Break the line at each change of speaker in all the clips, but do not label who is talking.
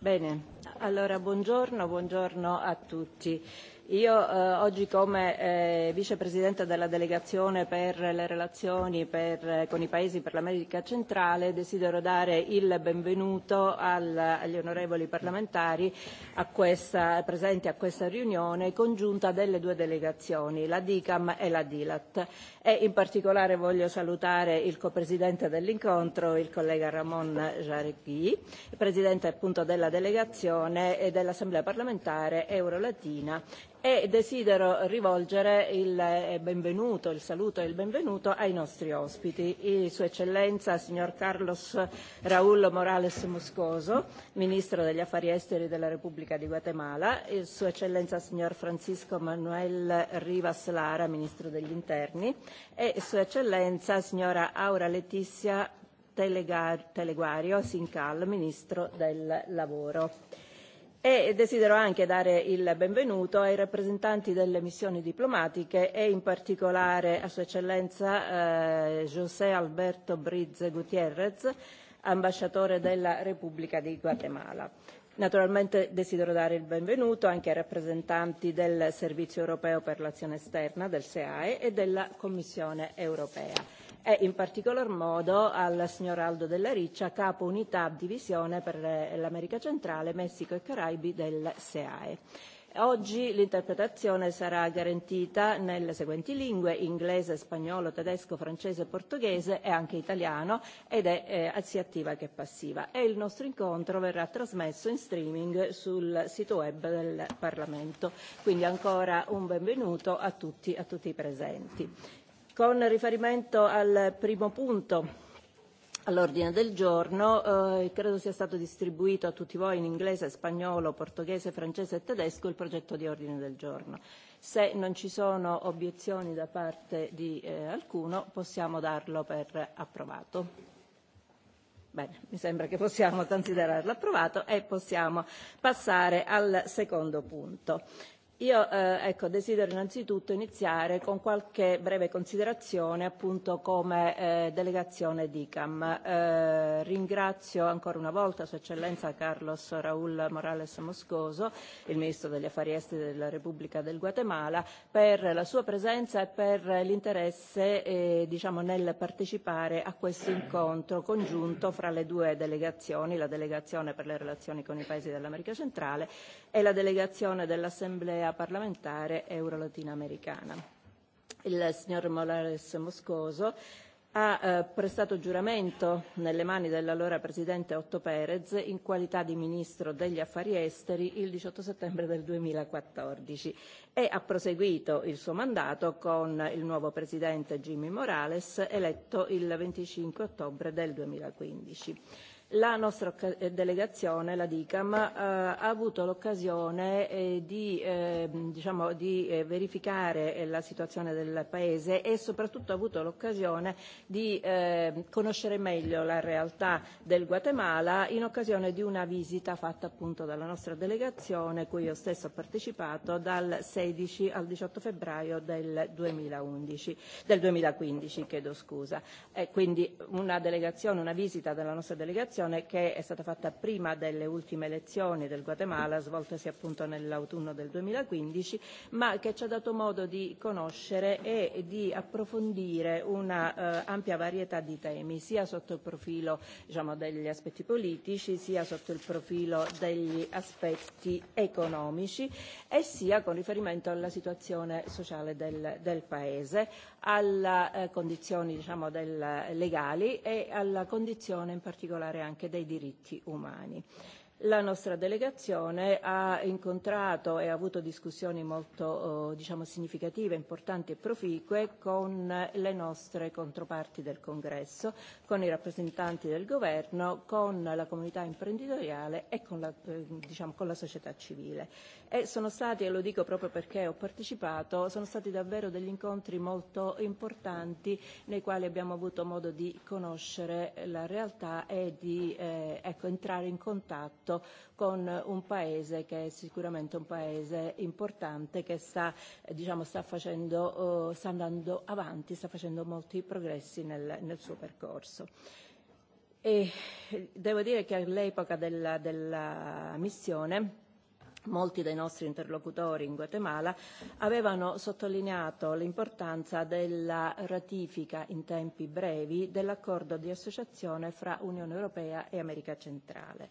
Bene, allora buongiorno, buongiorno a tutti. Io oggi come vicepresidente della delegazione per le relazioni con i paesi per l'America centrale desidero dare il benvenuto agli onorevoli parlamentari presenti a questa riunione congiunta delle due delegazioni, la DICAM e la DILAT. E in particolare voglio salutare il copresidente dell'incontro, il collega Ramon Jaregui, presidente appunto della delegazione e dell'Assemblea parlamentare Eurolatina e desidero rivolgere il benvenuto, il saluto e il benvenuto ai nostri ospiti, Sua Eccellenza signor Carlos Raúl Morales Moscoso, Ministro degli Affari Esteri della Repubblica di Guatemala, e Sua Eccellenza signor Francisco Manuel Rivas Lara, Ministro degli Interni, e Sua Eccellenza signora Aura Letizia Teleguario Sincal, Ministro del Lavoro e desidero anche dare il benvenuto ai rappresentanti delle missioni diplomatiche e in particolare a Sua Eccellenza José Alberto Briz Gutiérrez, ambasciatore della Repubblica di Guatemala. Naturalmente desidero dare il benvenuto anche ai rappresentanti del Servizio europeo per l'azione esterna, del SEAE, e della Commissione europea e in particolar modo al signor Aldo Della Riccia, capo unità divisione per l'America centrale, Messico e Caraibi del SEAE. Oggi l'interpretazione sarà garantita nelle seguenti lingue inglese, spagnolo, tedesco, francese, portoghese e anche italiano ed è eh, sia attiva che passiva e il nostro incontro verrà trasmesso in streaming sul sito web del Parlamento. Quindi ancora un benvenuto a tutti, a tutti i presenti. Con riferimento al primo punto all'ordine del giorno, eh, credo sia stato distribuito a tutti voi in inglese, spagnolo, portoghese, francese e tedesco il progetto di ordine del giorno. Se non ci sono obiezioni da parte di eh, alcuno possiamo darlo per approvato. Bene, mi sembra che possiamo considerarlo approvato e possiamo passare al secondo punto Io ecco, desidero innanzitutto iniziare con qualche breve considerazione appunto come delegazione DICAM. ringrazio ancora una volta Sua Eccellenza Carlos Raúl Morales Moscoso, il Ministro degli Affari Esteri della Repubblica del Guatemala, per la sua presenza e per l'interesse diciamo, nel partecipare a questo incontro congiunto fra le due delegazioni, la delegazione per le relazioni con i Paesi dell'America Centrale e la delegazione dell'Assemblea l'Assemblea parlamentare euro-latinoamericana. Il signor Morales Moscoso ha prestato giuramento nelle mani dell'allora presidente Otto Perez in qualità di ministro degli affari esteri il 18 settembre del 2014 e ha proseguito il suo mandato con il nuovo presidente Jimmy Morales eletto il 25 ottobre del 2015. La nostra delegazione, la DICAM, ha avuto l'occasione di, diciamo, di verificare la situazione del Paese e soprattutto ha avuto l'occasione di conoscere meglio la realtà del Guatemala in occasione di una visita fatta appunto dalla nostra delegazione, cui io stesso ho partecipato, dal 16 al 18 febbraio del, 2011, del 2015. Chiedo scusa. quindi una delegazione, una visita della nostra delegazione considerazione che è stata fatta prima delle ultime elezioni del Guatemala, svoltesi appunto nell'autunno del 2015, ma che ci ha dato modo di conoscere e di approfondire una eh, ampia varietà di temi, sia sotto il profilo diciamo, degli aspetti politici, sia sotto il profilo degli aspetti economici e sia con riferimento alla situazione sociale del, del Paese, alle eh, condizioni diciamo, del, legali e alla condizione in particolare anche dei diritti umani. La nostra delegazione ha incontrato e ha avuto discussioni molto diciamo, significative, importanti e proficue con le nostre controparti del Congresso, con i rappresentanti del governo, con la comunità imprenditoriale e con la, diciamo, con la società civile. E sono stati, e lo dico proprio perché ho partecipato, sono stati davvero degli incontri molto importanti nei quali abbiamo avuto modo di conoscere la realtà e di eh, ecco, entrare in contatto rapporto con un paese che è sicuramente un paese importante che sta, diciamo, sta, facendo, sta andando avanti, sta facendo molti progressi nel, nel suo percorso. E devo dire che all'epoca della, della missione molti dei nostri interlocutori in Guatemala avevano sottolineato l'importanza della ratifica in tempi brevi dell'accordo di associazione fra Unione Europea e America Centrale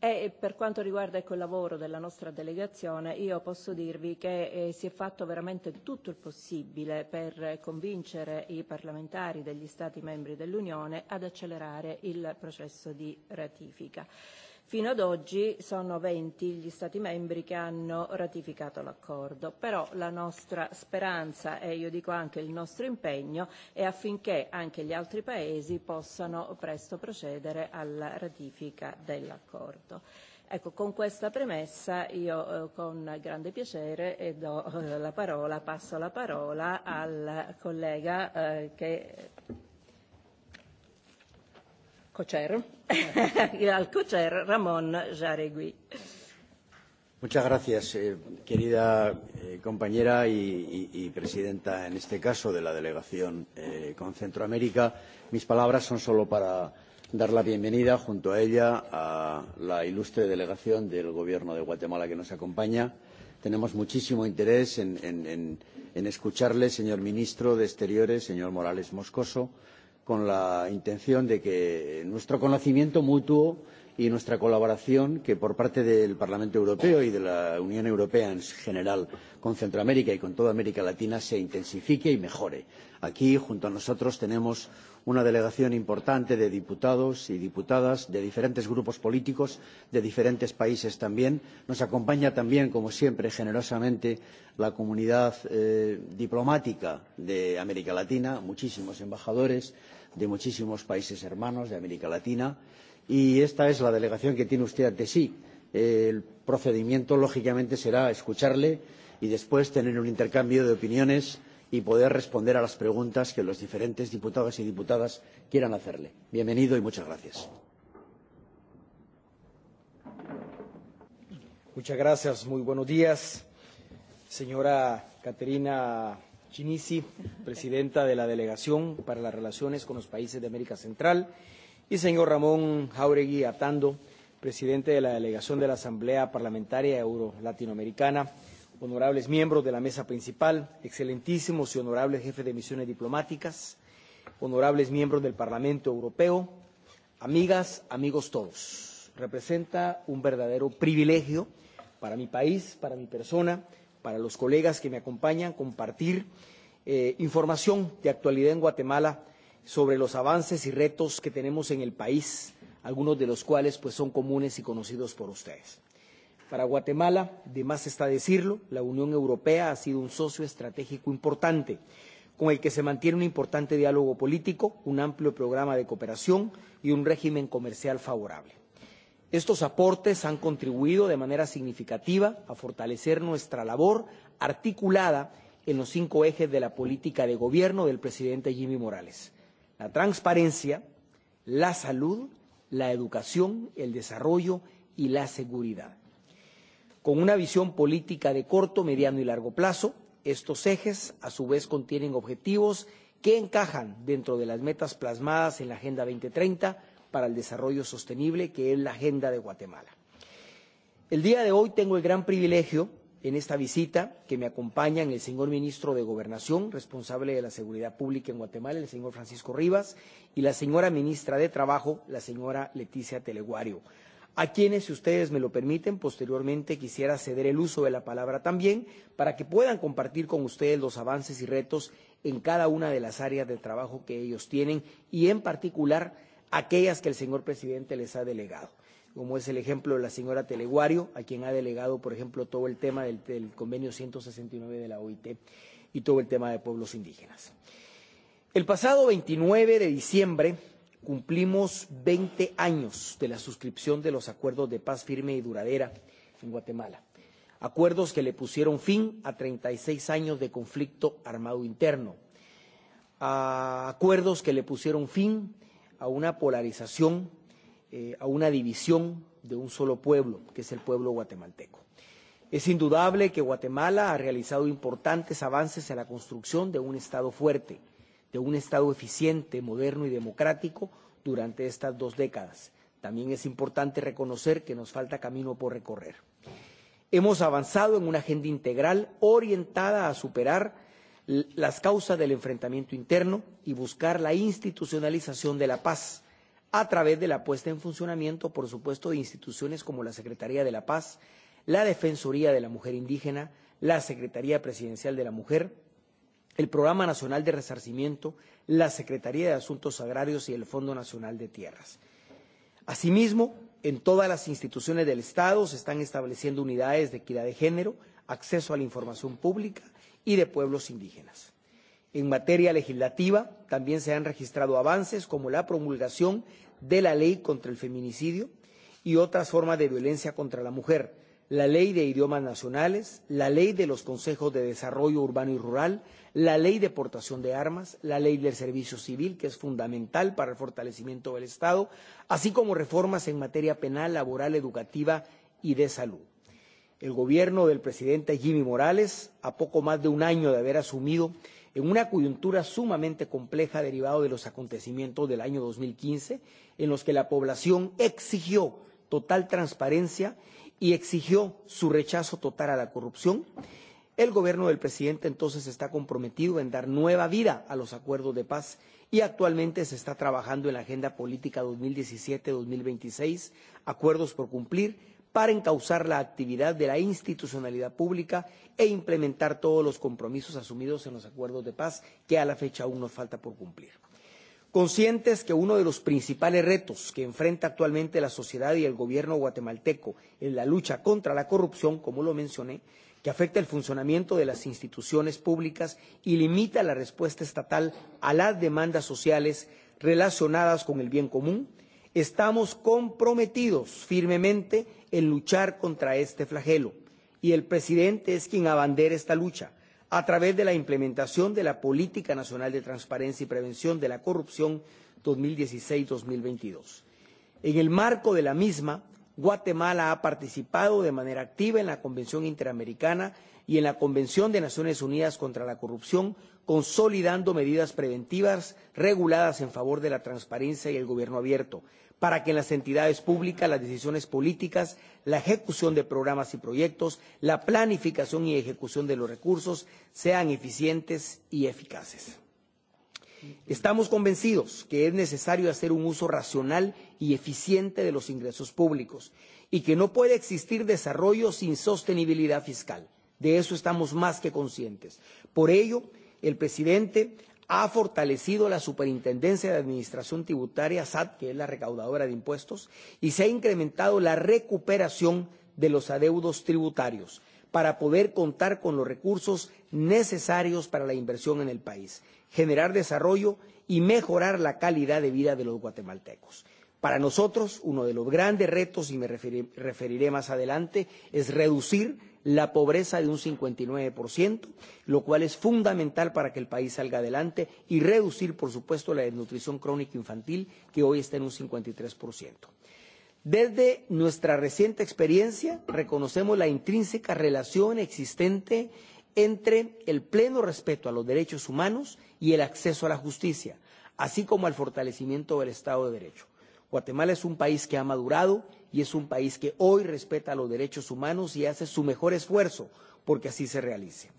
E per quanto riguarda ecco, il lavoro della nostra delegazione, io posso dirvi che eh, si è fatto veramente tutto il possibile per convincere i parlamentari degli Stati membri dell'Unione ad accelerare il processo di ratifica. Fino ad oggi sono 20 gli Stati membri che hanno ratificato l'accordo, però la nostra speranza e io dico anche il nostro impegno è affinché anche gli altri Paesi possano presto procedere alla ratifica dell'accordo. Ecco, con questa premessa io eh, con grande piacere e do eh, la parola, passo la parola al collega eh, che... Cocero al cocher Ramón Jaregui.
Muchas gracias, eh, querida eh, compañera y, y, y presidenta, en este caso, de la delegación eh, con Centroamérica. Mis palabras son solo para dar la bienvenida, junto a ella, a la ilustre delegación del Gobierno de Guatemala que nos acompaña. Tenemos muchísimo interés en, en, en, en escucharle, señor ministro de Exteriores, señor Morales Moscoso con la intención de que nuestro conocimiento mutuo y nuestra colaboración que por parte del Parlamento Europeo y de la Unión Europea en general con Centroamérica y con toda América Latina se intensifique y mejore. Aquí, junto a nosotros, tenemos una delegación importante de diputados y diputadas de diferentes grupos políticos, de diferentes países también. Nos acompaña también, como siempre, generosamente la comunidad diplomática de América Latina, muchísimos embajadores de muchísimos países hermanos de América Latina y esta es la delegación que tiene usted ante sí. El procedimiento, lógicamente, será escucharle y después tener un intercambio de opiniones y poder responder a las preguntas que los diferentes diputados y diputadas quieran hacerle. Bienvenido y muchas gracias.
Muchas gracias. Muy buenos días, señora Caterina Chinisi, presidenta de la Delegación para las Relaciones con los Países de América Central y señor Ramón Jauregui Atando, presidente de la delegación de la Asamblea Parlamentaria Euro-Latinoamericana, honorables miembros de la mesa principal, excelentísimos y honorables jefes de misiones diplomáticas, honorables miembros del Parlamento Europeo, amigas, amigos todos. Representa un verdadero privilegio para mi país, para mi persona, para los colegas que me acompañan, compartir eh, información de actualidad en Guatemala sobre los avances y retos que tenemos en el país, algunos de los cuales pues, son comunes y conocidos por ustedes. Para Guatemala, de más está decirlo, la Unión Europea ha sido un socio estratégico importante, con el que se mantiene un importante diálogo político, un amplio programa de cooperación y un régimen comercial favorable. Estos aportes han contribuido de manera significativa a fortalecer nuestra labor articulada en los cinco ejes de la política de gobierno del presidente Jimmy Morales la transparencia, la salud, la educación, el desarrollo y la seguridad. Con una visión política de corto, mediano y largo plazo, estos ejes a su vez contienen objetivos que encajan dentro de las metas plasmadas en la Agenda 2030 para el Desarrollo Sostenible, que es la Agenda de Guatemala. El día de hoy tengo el gran privilegio en esta visita que me acompañan el señor ministro de Gobernación, responsable de la Seguridad Pública en Guatemala, el señor Francisco Rivas, y la señora ministra de Trabajo, la señora Leticia Teleguario, a quienes, si ustedes me lo permiten, posteriormente quisiera ceder el uso de la palabra también para que puedan compartir con ustedes los avances y retos en cada una de las áreas de trabajo que ellos tienen y, en particular, aquellas que el señor presidente les ha delegado como es el ejemplo de la señora Teleguario, a quien ha delegado, por ejemplo, todo el tema del, del convenio 169 de la OIT y todo el tema de pueblos indígenas. El pasado 29 de diciembre cumplimos 20 años de la suscripción de los acuerdos de paz firme y duradera en Guatemala. Acuerdos que le pusieron fin a 36 años de conflicto armado interno. A acuerdos que le pusieron fin a una polarización eh, a una división de un solo pueblo, que es el pueblo guatemalteco. Es indudable que Guatemala ha realizado importantes avances en la construcción de un Estado fuerte, de un Estado eficiente, moderno y democrático durante estas dos décadas. También es importante reconocer que nos falta camino por recorrer. Hemos avanzado en una agenda integral orientada a superar las causas del enfrentamiento interno y buscar la institucionalización de la paz, a través de la puesta en funcionamiento, por supuesto, de instituciones como la Secretaría de la Paz, la Defensoría de la Mujer Indígena, la Secretaría Presidencial de la Mujer, el Programa Nacional de Resarcimiento, la Secretaría de Asuntos Agrarios y el Fondo Nacional de Tierras. Asimismo, en todas las instituciones del Estado se están estableciendo unidades de equidad de género, acceso a la información pública y de pueblos indígenas. En materia legislativa también se han registrado avances como la promulgación de la ley contra el feminicidio y otras formas de violencia contra la mujer, la ley de idiomas nacionales, la ley de los consejos de desarrollo urbano y rural, la ley de portación de armas, la ley del servicio civil, que es fundamental para el fortalecimiento del Estado, así como reformas en materia penal, laboral, educativa y de salud. El gobierno del presidente Jimmy Morales, a poco más de un año de haber asumido en una coyuntura sumamente compleja derivado de los acontecimientos del año 2015, en los que la población exigió total transparencia y exigió su rechazo total a la corrupción, el gobierno del presidente entonces está comprometido en dar nueva vida a los acuerdos de paz y actualmente se está trabajando en la Agenda Política 2017-2026, acuerdos por cumplir, para encauzar la actividad de la institucionalidad pública e implementar todos los compromisos asumidos en los acuerdos de paz que a la fecha aún nos falta por cumplir. Conscientes que uno de los principales retos que enfrenta actualmente la sociedad y el gobierno guatemalteco en la lucha contra la corrupción, como lo mencioné, que afecta el funcionamiento de las instituciones públicas y limita la respuesta estatal a las demandas sociales relacionadas con el bien común, Estamos comprometidos firmemente en luchar contra este flagelo y el presidente es quien abandera esta lucha a través de la implementación de la Política Nacional de Transparencia y Prevención de la Corrupción 2016-2022. En el marco de la misma, Guatemala ha participado de manera activa en la Convención Interamericana y en la Convención de Naciones Unidas contra la Corrupción, consolidando medidas preventivas reguladas en favor de la transparencia y el gobierno abierto, para que en las entidades públicas las decisiones políticas, la ejecución de programas y proyectos, la planificación y ejecución de los recursos sean eficientes y eficaces. Estamos convencidos que es necesario hacer un uso racional y eficiente de los ingresos públicos y que no puede existir desarrollo sin sostenibilidad fiscal. De eso estamos más que conscientes. Por ello, el presidente ha fortalecido la Superintendencia de Administración Tributaria, SAT, que es la recaudadora de impuestos, y se ha incrementado la recuperación de los adeudos tributarios para poder contar con los recursos necesarios para la inversión en el país, generar desarrollo y mejorar la calidad de vida de los guatemaltecos. Para nosotros, uno de los grandes retos, y me referiré más adelante, es reducir la pobreza de un 59%, lo cual es fundamental para que el país salga adelante y reducir, por supuesto, la desnutrición crónica infantil, que hoy está en un 53%. Desde nuestra reciente experiencia, reconocemos la intrínseca relación existente entre el pleno respeto a los derechos humanos y el acceso a la justicia, así como al fortalecimiento del Estado de Derecho. Guatemala es un país que ha madurado y es un país que hoy respeta los derechos humanos y hace su mejor esfuerzo porque así se realice.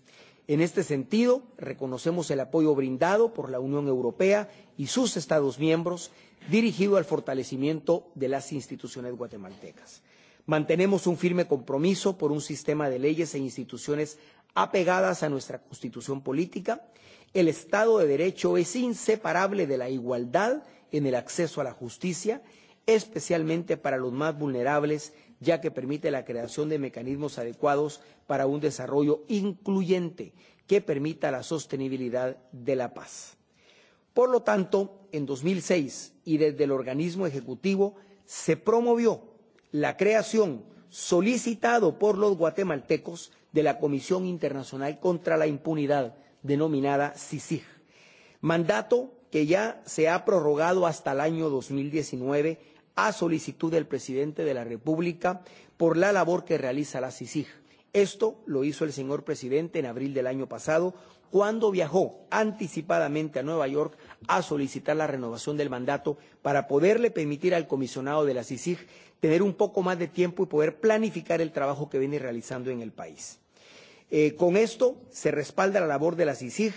En este sentido, reconocemos el apoyo brindado por la Unión Europea y sus Estados miembros dirigido al fortalecimiento de las instituciones guatemaltecas. Mantenemos un firme compromiso por un sistema de leyes e instituciones apegadas a nuestra constitución política. El Estado de Derecho es inseparable de la igualdad en el acceso a la justicia, especialmente para los más vulnerables, ya que permite la creación de mecanismos adecuados para un desarrollo incluyente que permita la sostenibilidad de la paz. Por lo tanto, en 2006 y desde el organismo ejecutivo se promovió la creación, solicitado por los guatemaltecos, de la Comisión Internacional contra la Impunidad, denominada CICIG, mandato que ya se ha prorrogado hasta el año 2019 a solicitud del presidente de la República por la labor que realiza la CICIG. Esto lo hizo el señor presidente en abril del año pasado, cuando viajó anticipadamente a Nueva York a solicitar la renovación del mandato para poderle permitir al comisionado de la CICIG tener un poco más de tiempo y poder planificar el trabajo que viene realizando en el país. Eh, con esto se respalda la labor de la CICIG,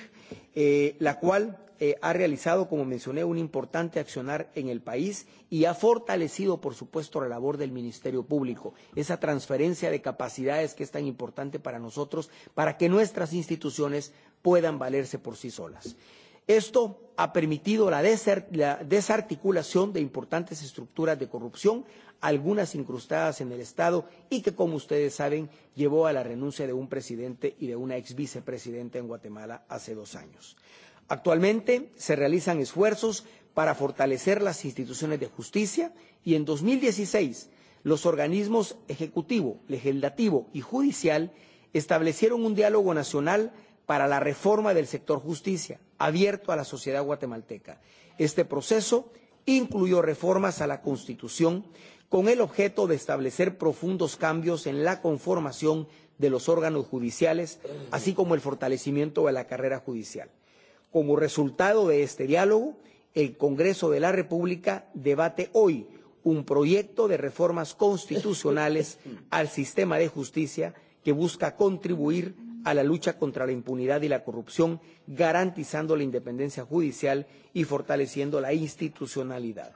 eh, la cual eh, ha realizado, como mencioné, un importante accionar en el país y ha fortalecido, por supuesto, la labor del Ministerio Público, esa transferencia de capacidades que es tan importante para nosotros, para que nuestras instituciones puedan valerse por sí solas. Esto ha permitido la, desarticulación de importantes estructuras de corrupción, algunas incrustadas en el Estado y que, como ustedes saben, llevó a la renuncia de un presidente y de una ex vicepresidenta en Guatemala hace dos años. Actualmente se realizan esfuerzos para fortalecer las instituciones de justicia y en 2016 los organismos ejecutivo, legislativo y judicial establecieron un diálogo nacional para la reforma del sector justicia, abierto a la sociedad guatemalteca. Este proceso incluyó reformas a la Constitución con el objeto de establecer profundos cambios en la conformación de los órganos judiciales, así como el fortalecimiento de la carrera judicial. Como resultado de este diálogo, el Congreso de la República debate hoy un proyecto de reformas constitucionales al sistema de justicia que busca contribuir a la lucha contra la impunidad y la corrupción, garantizando la independencia judicial y fortaleciendo la institucionalidad.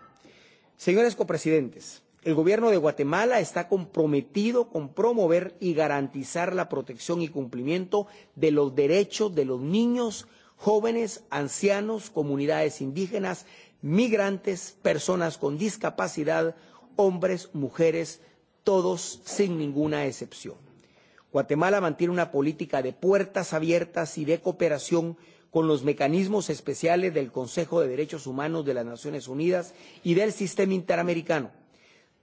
Señores copresidentes, el Gobierno de Guatemala está comprometido con promover y garantizar la protección y cumplimiento de los derechos de los niños, jóvenes, ancianos, comunidades indígenas, migrantes, personas con discapacidad, hombres, mujeres, todos sin ninguna excepción. Guatemala mantiene una política de puertas abiertas y de cooperación con los mecanismos especiales del Consejo de Derechos Humanos de las Naciones Unidas y del Sistema Interamericano.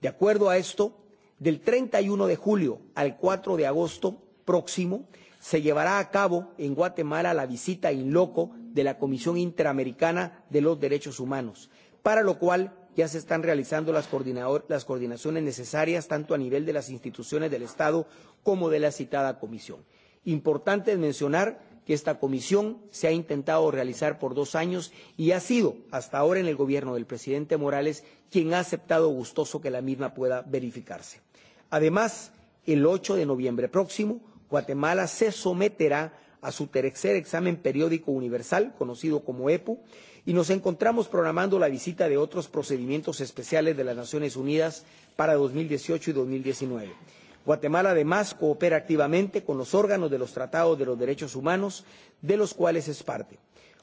De acuerdo a esto, del 31 de julio al 4 de agosto próximo, se llevará a cabo en Guatemala la visita in loco de la Comisión Interamericana de los Derechos Humanos, para lo cual ya se están realizando las, las coordinaciones necesarias tanto a nivel de las instituciones del Estado como de la citada comisión. Importante es mencionar que esta comisión se ha intentado realizar por dos años y ha sido hasta ahora en el gobierno del presidente Morales quien ha aceptado gustoso que la misma pueda verificarse. Además, el 8 de noviembre próximo Guatemala se someterá a su tercer examen periódico universal, conocido como EPU, y nos encontramos programando la visita de otros procedimientos especiales de las Naciones Unidas para 2018 y 2019. Guatemala además coopera activamente con los órganos de los tratados de los derechos humanos, de los cuales es parte.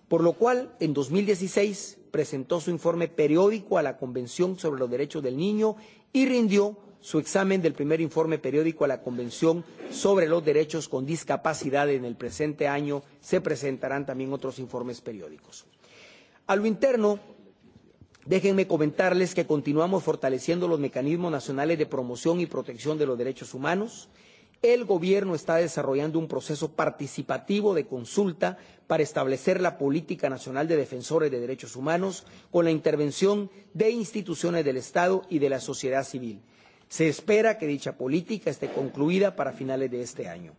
Por lo cual, en 2016 presentó su informe periódico a la Convención sobre los Derechos del Niño y rindió su examen del primer informe periódico a la Convención sobre los Derechos con Discapacidad en el presente año, se presentarán también otros informes periódicos. A lo interno, déjenme comentarles que continuamos fortaleciendo los mecanismos nacionales de promoción y protección de los derechos humanos. El Gobierno está desarrollando un proceso participativo de consulta para establecer la Política Nacional de Defensores de Derechos Humanos con la intervención de instituciones del Estado y de la sociedad civil. Se espera que dicha política esté concluida para finales de este año.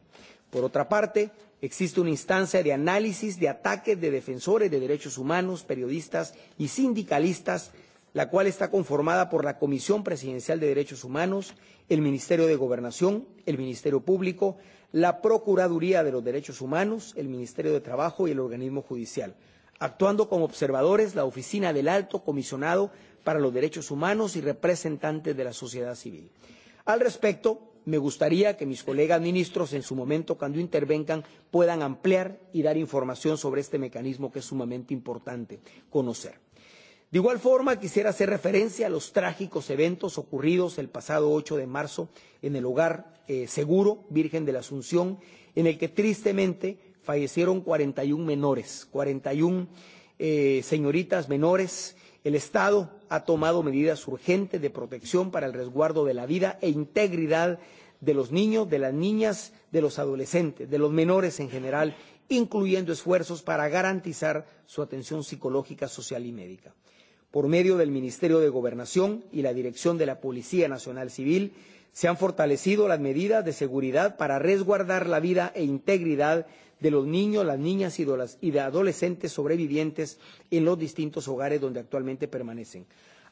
Por otra parte, existe una instancia de análisis de ataques de defensores de derechos humanos, periodistas y sindicalistas, la cual está conformada por la Comisión Presidencial de Derechos Humanos, el Ministerio de Gobernación, el Ministerio Público, la Procuraduría de los Derechos Humanos, el Ministerio de Trabajo y el organismo judicial, actuando como observadores la Oficina del Alto Comisionado para los Derechos Humanos y representantes de la sociedad civil. Al respecto, me gustaría que mis colegas ministros, en su momento, cuando intervengan, puedan ampliar y dar información sobre este mecanismo que es sumamente importante conocer. De igual forma, quisiera hacer referencia a los trágicos eventos ocurridos el pasado 8 de marzo en el hogar eh, seguro Virgen de la Asunción, en el que tristemente fallecieron 41 menores, 41 eh, señoritas menores. El Estado ha tomado medidas urgentes de protección para el resguardo de la vida e integridad de los niños, de las niñas, de los adolescentes, de los menores en general, incluyendo esfuerzos para garantizar su atención psicológica, social y médica. Por medio del Ministerio de Gobernación y la Dirección de la Policía Nacional Civil, se han fortalecido las medidas de seguridad para resguardar la vida e integridad de los niños, las niñas y de adolescentes sobrevivientes en los distintos hogares donde actualmente permanecen.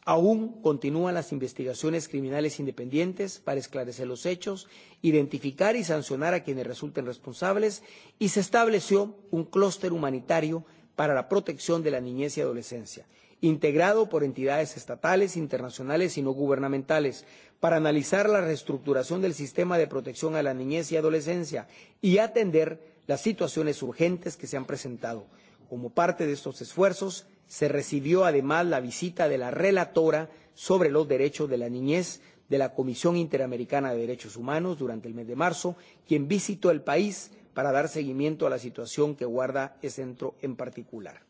Aún continúan las investigaciones criminales independientes para esclarecer los hechos, identificar y sancionar a quienes resulten responsables y se estableció un clúster humanitario para la protección de la niñez y adolescencia, integrado por entidades estatales, internacionales y no gubernamentales, para analizar la reestructuración del sistema de protección a la niñez y adolescencia y atender las situaciones urgentes que se han presentado. Como parte de estos esfuerzos, se recibió además la visita de la relatora sobre los derechos de la niñez de la Comisión Interamericana de Derechos Humanos durante el mes de marzo, quien visitó el país para dar seguimiento a la situación que guarda ese centro en particular.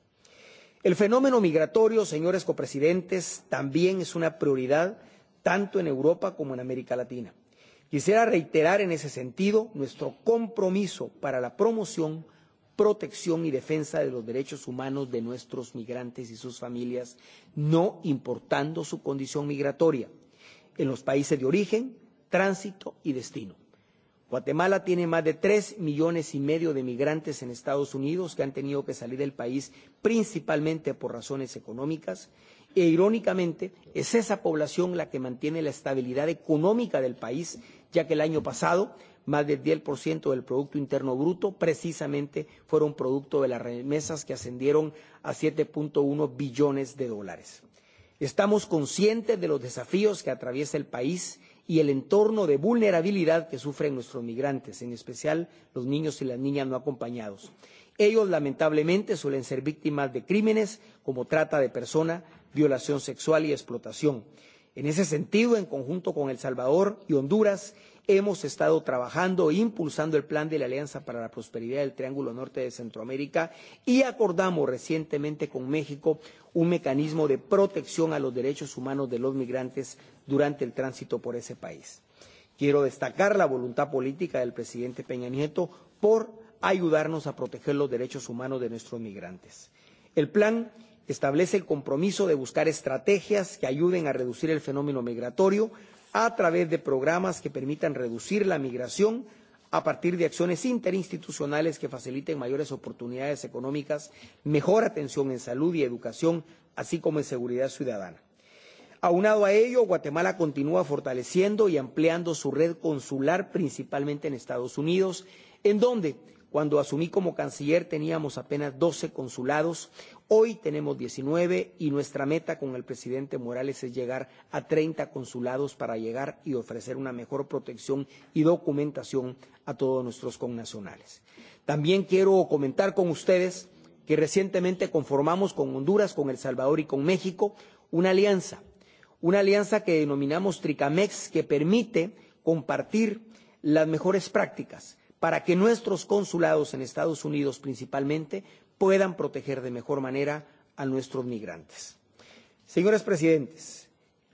El fenómeno migratorio, señores copresidentes, también es una prioridad tanto en Europa como en América Latina. Quisiera reiterar en ese sentido nuestro compromiso para la promoción, protección y defensa de los derechos humanos de nuestros migrantes y sus familias, no importando su condición migratoria, en los países de origen, tránsito y destino. Guatemala tiene más de tres millones y medio de migrantes en Estados Unidos que han tenido que salir del país principalmente por razones económicas e irónicamente es esa población la que mantiene la estabilidad económica del país ya que el año pasado más del 10% del Producto Interno Bruto precisamente fueron producto de las remesas que ascendieron a 7.1 billones de dólares. Estamos conscientes de los desafíos que atraviesa el país y el entorno de vulnerabilidad que sufren nuestros migrantes, en especial los niños y las niñas no acompañados. Ellos, lamentablemente, suelen ser víctimas de crímenes como trata de persona, violación sexual y explotación. En ese sentido, en conjunto con El Salvador y Honduras, hemos estado trabajando e impulsando el plan de la Alianza para la Prosperidad del Triángulo Norte de Centroamérica y acordamos recientemente con México un mecanismo de protección a los derechos humanos de los migrantes durante el tránsito por ese país. Quiero destacar la voluntad política del presidente Peña Nieto por ayudarnos a proteger los derechos humanos de nuestros migrantes. El plan establece el compromiso de buscar estrategias que ayuden a reducir el fenómeno migratorio a través de programas que permitan reducir la migración a partir de acciones interinstitucionales que faciliten mayores oportunidades económicas, mejor atención en salud y educación, así como en seguridad ciudadana. Aunado a ello, Guatemala continúa fortaleciendo y ampliando su red consular, principalmente en Estados Unidos, en donde Cuando asumí como canciller teníamos apenas 12 consulados, hoy tenemos 19 y nuestra meta con el presidente Morales es llegar a 30 consulados para llegar y ofrecer una mejor protección y documentación a todos nuestros connacionales. También quiero comentar con ustedes que recientemente conformamos con Honduras, con El Salvador y con México una alianza, una alianza que denominamos Tricamex que permite compartir las mejores prácticas para que nuestros consulados en Estados Unidos principalmente puedan proteger de mejor manera a nuestros migrantes. Señores presidentes,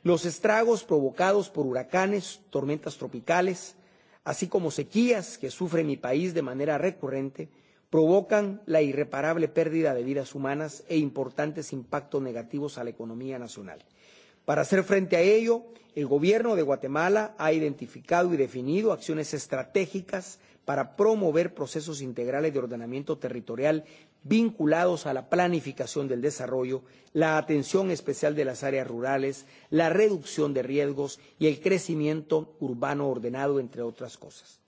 los estragos provocados por huracanes, tormentas tropicales, así como sequías que sufre mi país de manera recurrente, provocan la irreparable pérdida de vidas humanas e importantes impactos negativos a la economía nacional. Para hacer frente a ello, el Gobierno de Guatemala ha identificado y definido acciones estratégicas para promover procesos integrales de ordenamiento territorial vinculados a la planificación del desarrollo, la atención especial de las áreas rurales, la reducción de riesgos y el crecimiento urbano ordenado, entre otras cosas.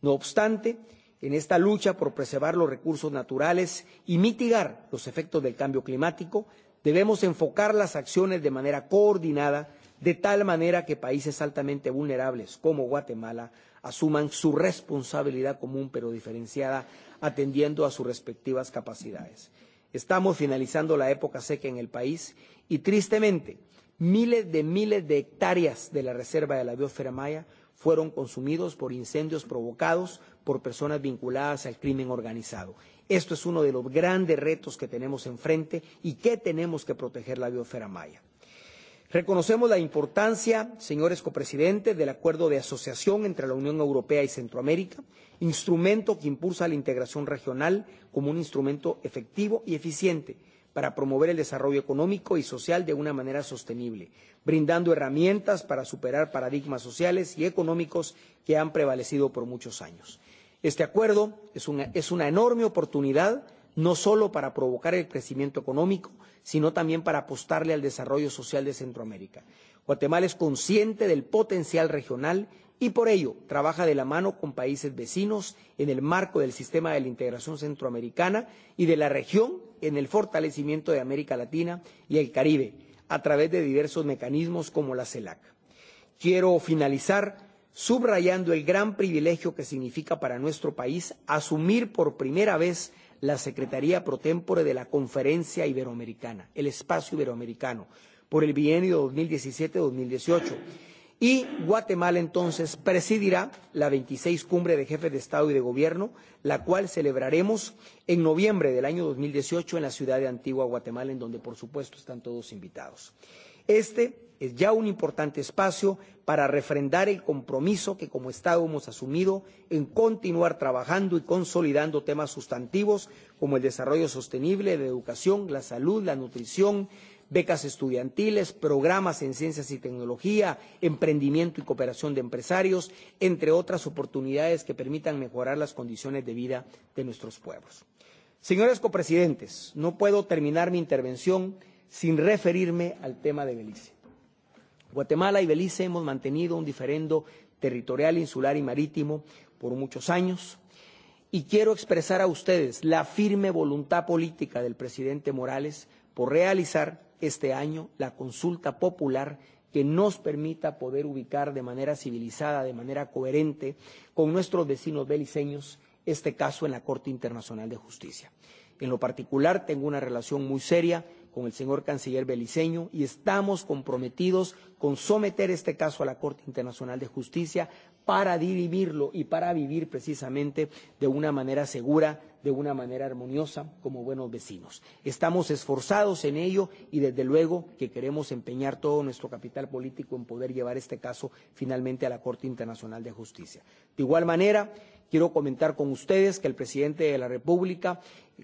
No obstante, en esta lucha por preservar los recursos naturales y mitigar los efectos del cambio climático, debemos enfocar las acciones de manera coordinada, de tal manera que países altamente vulnerables como Guatemala asuman su responsabilidad común pero diferenciada atendiendo a sus respectivas capacidades. Estamos finalizando la época seca en el país y tristemente miles de miles de hectáreas de la reserva de la biosfera maya fueron consumidos por incendios provocados por personas vinculadas al crimen organizado. Esto es uno de los grandes retos que tenemos enfrente y que tenemos que proteger la biosfera maya. Reconocemos la importancia, señores copresidentes, del acuerdo de asociación entre la Unión Europea y Centroamérica, instrumento que impulsa la integración regional como un instrumento efectivo y eficiente para promover el desarrollo económico y social de una manera sostenible, brindando herramientas para superar paradigmas sociales y económicos que han prevalecido por muchos años. Este acuerdo es una, es una enorme oportunidad no solo para provocar el crecimiento económico, sino también para apostarle al desarrollo social de Centroamérica. Guatemala es consciente del potencial regional y por ello trabaja de la mano con países vecinos en el marco del sistema de la integración centroamericana y de la región en el fortalecimiento de América Latina y el Caribe a través de diversos mecanismos como la CELAC. Quiero finalizar subrayando el gran privilegio que significa para nuestro país asumir por primera vez la Secretaría Pro Tempore de la Conferencia Iberoamericana, el Espacio Iberoamericano, por el bienio 2017-2018. Y Guatemala entonces presidirá la 26 cumbre de jefes de Estado y de Gobierno, la cual celebraremos en noviembre del año 2018 en la ciudad de Antigua Guatemala, en donde por supuesto están todos invitados. Este es ya un importante espacio para refrendar el compromiso que como Estado hemos asumido en continuar trabajando y consolidando temas sustantivos como el desarrollo sostenible, la educación, la salud, la nutrición, becas estudiantiles, programas en ciencias y tecnología, emprendimiento y cooperación de empresarios, entre otras oportunidades que permitan mejorar las condiciones de vida de nuestros pueblos. Señores copresidentes, no puedo terminar mi intervención sin referirme al tema de Belice. Guatemala y Belice hemos mantenido un diferendo territorial, insular y marítimo por muchos años y quiero expresar a ustedes la firme voluntad política del presidente Morales por realizar este año la consulta popular que nos permita poder ubicar de manera civilizada, de manera coherente con nuestros vecinos beliceños este caso en la Corte Internacional de Justicia. En lo particular, tengo una relación muy seria con el señor canciller beliceño y estamos comprometidos con someter este caso a la Corte Internacional de Justicia para dirimirlo y para vivir precisamente de una manera segura, de una manera armoniosa, como buenos vecinos. Estamos esforzados en ello y desde luego que queremos empeñar todo nuestro capital político en poder llevar este caso finalmente a la Corte Internacional de Justicia. De igual manera, Quiero comentar con ustedes que el presidente de la República,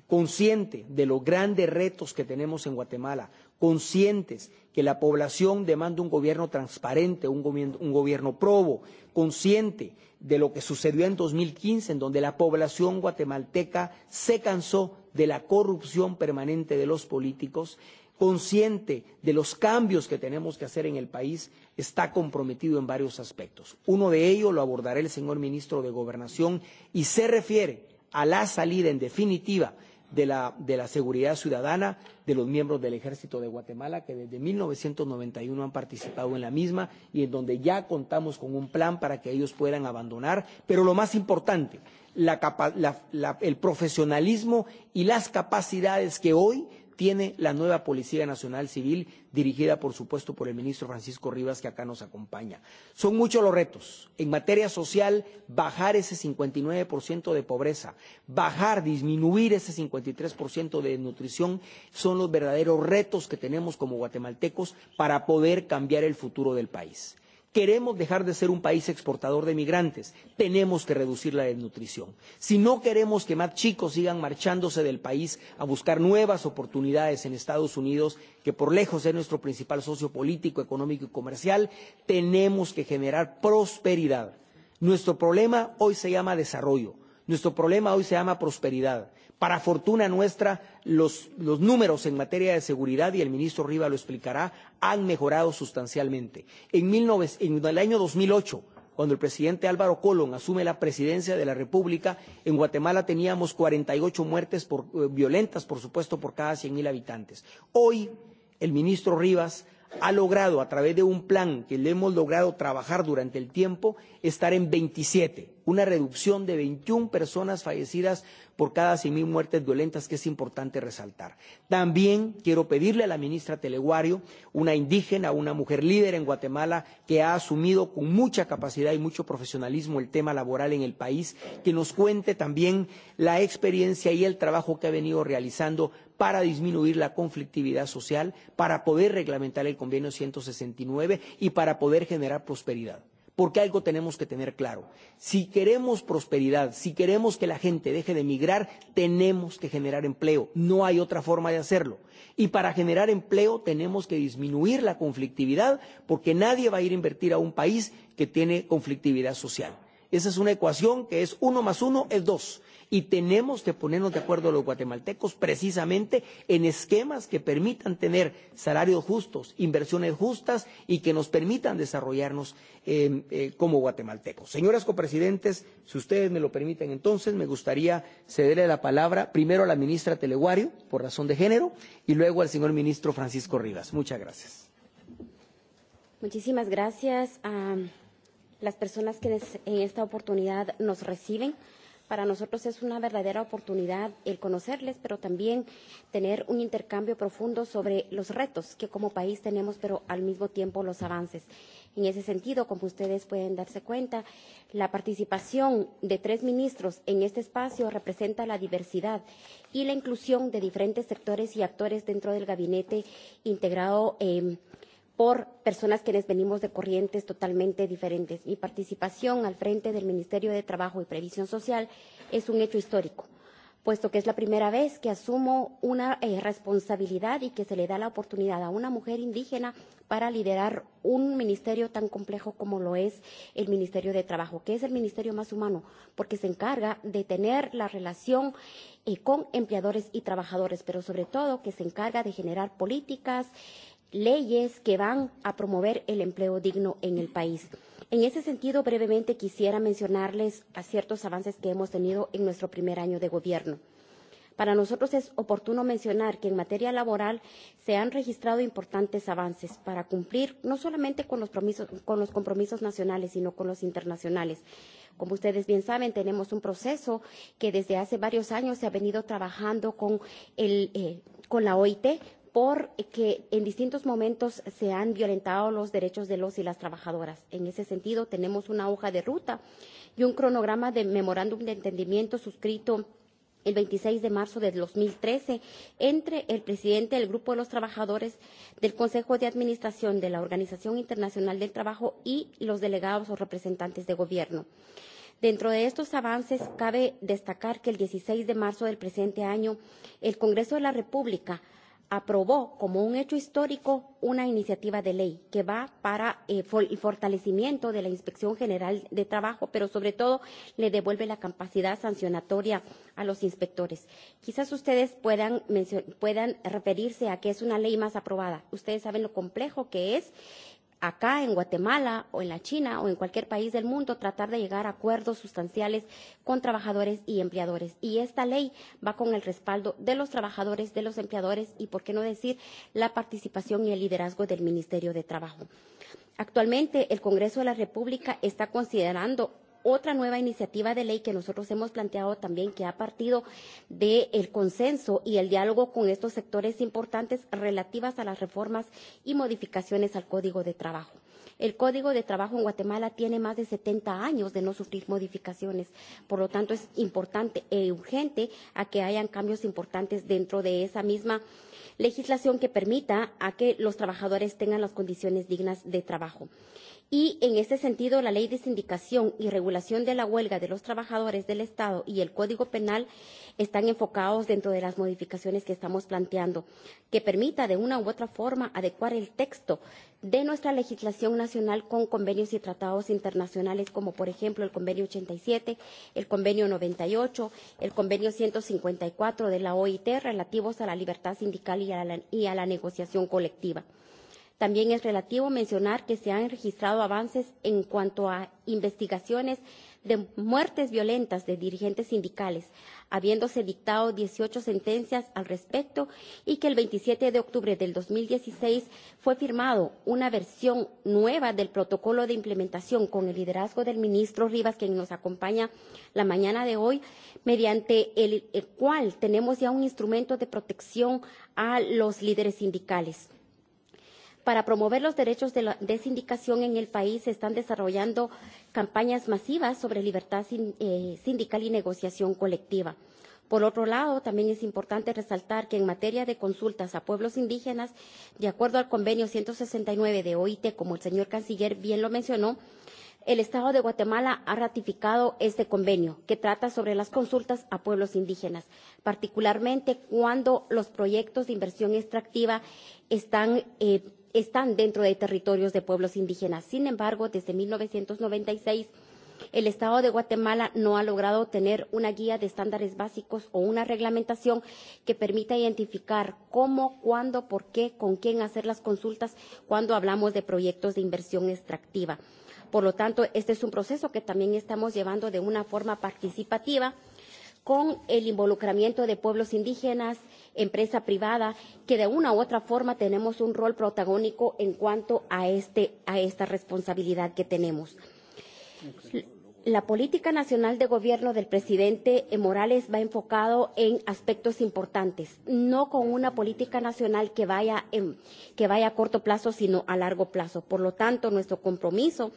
consciente de los grandes retos que tenemos en Guatemala, conscientes que la población demanda un gobierno transparente, un gobierno, un gobierno probo, consciente de lo que sucedió en 2015, en donde la población guatemalteca se cansó de la corrupción permanente de los políticos, consciente de los cambios que tenemos que hacer en el país está comprometido en varios aspectos. Uno de ellos lo abordará el señor ministro de Gobernación y se refiere a la salida en definitiva de la, de la seguridad ciudadana de los miembros del Ejército de Guatemala, que desde 1991 han participado en la misma y en donde ya contamos con un plan para que ellos puedan abandonar. Pero lo más importante, la, la, la, el profesionalismo y las capacidades que hoy tiene la nueva Policía Nacional Civil, dirigida por supuesto por el ministro Francisco Rivas, que acá nos acompaña. Son muchos los retos. En materia social, bajar ese 59% de pobreza, bajar, disminuir ese 53% de nutrición, son los verdaderos retos que tenemos como guatemaltecos para poder cambiar el futuro del país queremos dejar de ser un país exportador de migrantes, tenemos que reducir la desnutrición. Si no queremos que más chicos sigan marchándose del país a buscar nuevas oportunidades en Estados Unidos, que por lejos es nuestro principal socio político, económico y comercial, tenemos que generar prosperidad. Nuestro problema hoy se llama desarrollo, nuestro problema hoy se llama prosperidad. Para fortuna nuestra, los, los números en materia de seguridad, y el ministro Riva lo explicará, han mejorado sustancialmente. En, 19, en el año 2008, cuando el presidente Álvaro Colón asume la presidencia de la República, en Guatemala teníamos 48 muertes por, eh, violentas, por supuesto, por cada 100.000 habitantes. Hoy, el ministro Rivas ha logrado, a través de un plan que le hemos logrado trabajar durante el tiempo, estar en 27 una reducción de 21 personas fallecidas por cada 100.000 muertes violentas que es importante resaltar. También quiero pedirle a la ministra Teleguario, una indígena, una mujer líder en Guatemala que ha asumido con mucha capacidad y mucho profesionalismo el tema laboral en el país, que nos cuente también la experiencia y el trabajo que ha venido realizando para disminuir la conflictividad social, para poder reglamentar el convenio 169 y para poder generar prosperidad. Porque algo tenemos que tener claro. Si queremos prosperidad, si queremos que la gente deje de emigrar, tenemos que generar empleo. No hay otra forma de hacerlo. Y para generar empleo tenemos que disminuir la conflictividad porque nadie va a ir a invertir a un país que tiene conflictividad social. Esa es una ecuación que es uno más uno es dos. Y tenemos que ponernos de acuerdo los guatemaltecos precisamente en esquemas que permitan tener salarios justos, inversiones justas y que nos permitan desarrollarnos eh, eh, como guatemaltecos. Señoras copresidentes, si ustedes me lo permiten entonces, me gustaría cederle la palabra primero a la ministra Teleguario, por razón de género, y luego al señor ministro Francisco Rivas. Muchas gracias.
Muchísimas gracias. Um las personas que en esta oportunidad nos reciben. Para nosotros es una verdadera oportunidad el conocerles, pero también tener un intercambio profundo sobre los retos que como país tenemos, pero al mismo tiempo los avances. En ese sentido, como ustedes pueden darse cuenta, la participación de tres ministros en este espacio representa la diversidad y la inclusión de diferentes sectores y actores dentro del gabinete integrado eh, por personas quienes venimos de corrientes totalmente diferentes. Mi participación al frente del Ministerio de Trabajo y Previsión Social es un hecho histórico, puesto que es la primera vez que asumo una responsabilidad y que se le da la oportunidad a una mujer indígena para liderar un ministerio tan complejo como lo es el Ministerio de Trabajo, que es el ministerio más humano, porque se encarga de tener la relación con empleadores y trabajadores, pero sobre todo que se encarga de generar políticas, leyes que van a promover el empleo digno en el país. En ese sentido, brevemente quisiera mencionarles a ciertos avances que hemos tenido en nuestro primer año de gobierno. Para nosotros es oportuno mencionar que en materia laboral se han registrado importantes avances para cumplir no solamente con los, con los compromisos nacionales, sino con los internacionales. Como ustedes bien saben, tenemos un proceso que desde hace varios años se ha venido trabajando con, el, eh, con la OIT Por que en distintos momentos se han violentado los derechos de los y las trabajadoras. En ese sentido, tenemos una hoja de ruta y un cronograma de memorándum de entendimiento suscrito el 26 de marzo de 2013 entre el presidente del Grupo de los Trabajadores del Consejo de Administración de la Organización Internacional del Trabajo y los delegados o representantes de gobierno. Dentro de estos avances, cabe destacar que el 16 de marzo del presente año, el Congreso de la República aprobó como un hecho histórico una iniciativa de ley que va para el fortalecimiento de la Inspección General de Trabajo, pero sobre todo le devuelve la capacidad sancionatoria a los inspectores. Quizás ustedes puedan, puedan referirse a que es una ley más aprobada. Ustedes saben lo complejo que es acá en Guatemala o en la China o en cualquier país del mundo tratar de llegar a acuerdos sustanciales con trabajadores y empleadores. Y esta ley va con el respaldo de los trabajadores, de los empleadores y, por qué no decir, la participación y el liderazgo del Ministerio de Trabajo. Actualmente, el Congreso de la República está considerando otra nueva iniciativa de ley que nosotros hemos planteado también, que ha partido del consenso y el diálogo con estos sectores importantes relativas a las reformas y modificaciones al Código de Trabajo. El Código de Trabajo en Guatemala tiene más de 70 años de no sufrir modificaciones. Por lo tanto, es importante e urgente a que hayan cambios importantes dentro de esa misma legislación que permita a que los trabajadores tengan las condiciones dignas de trabajo. Y en ese sentido, la Ley de Sindicación y Regulación de la Huelga de los Trabajadores del Estado y el Código Penal están enfocados dentro de las modificaciones que estamos planteando, que permita de una u otra forma adecuar el texto de nuestra legislación nacional con convenios y tratados internacionales, como por ejemplo el Convenio 87, el Convenio 98, el Convenio 154 de la OIT relativos a la libertad sindical y a la, y a la negociación colectiva. También es relativo mencionar que se han registrado avances en cuanto a investigaciones de muertes violentas de dirigentes sindicales, habiéndose dictado 18 sentencias al respecto y que el 27 de octubre del 2016 fue firmado una versión nueva del protocolo de implementación con el liderazgo del ministro Rivas, quien nos acompaña la mañana de hoy, mediante el, el cual tenemos ya un instrumento de protección a los líderes sindicales. Para promover los derechos de, la, de sindicación en el país se están desarrollando campañas masivas sobre libertad sin, eh, sindical y negociación colectiva. Por otro lado, también es importante resaltar que en materia de consultas a pueblos indígenas, de acuerdo al convenio 169 de OIT, como el señor canciller bien lo mencionó, el Estado de Guatemala ha ratificado este convenio que trata sobre las consultas a pueblos indígenas, particularmente cuando los proyectos de inversión extractiva están eh, están dentro de territorios de pueblos indígenas. Sin embargo, desde 1996, el Estado de Guatemala no ha logrado tener una guía de estándares básicos o una reglamentación que permita identificar cómo, cuándo, por qué, con quién hacer las consultas cuando hablamos de proyectos de inversión extractiva. Por lo tanto, este es un proceso que también estamos llevando de una forma participativa con el involucramiento de pueblos indígenas, empresa privada, que de una u otra forma tenemos un rol protagónico en cuanto a, este, a esta responsabilidad que tenemos. Okay La política nacional de gobierno del presidente Morales va enfocado en aspectos importantes, no con una política nacional que vaya, en, que vaya a corto plazo, sino a largo plazo. Por lo tanto, nuestro compromiso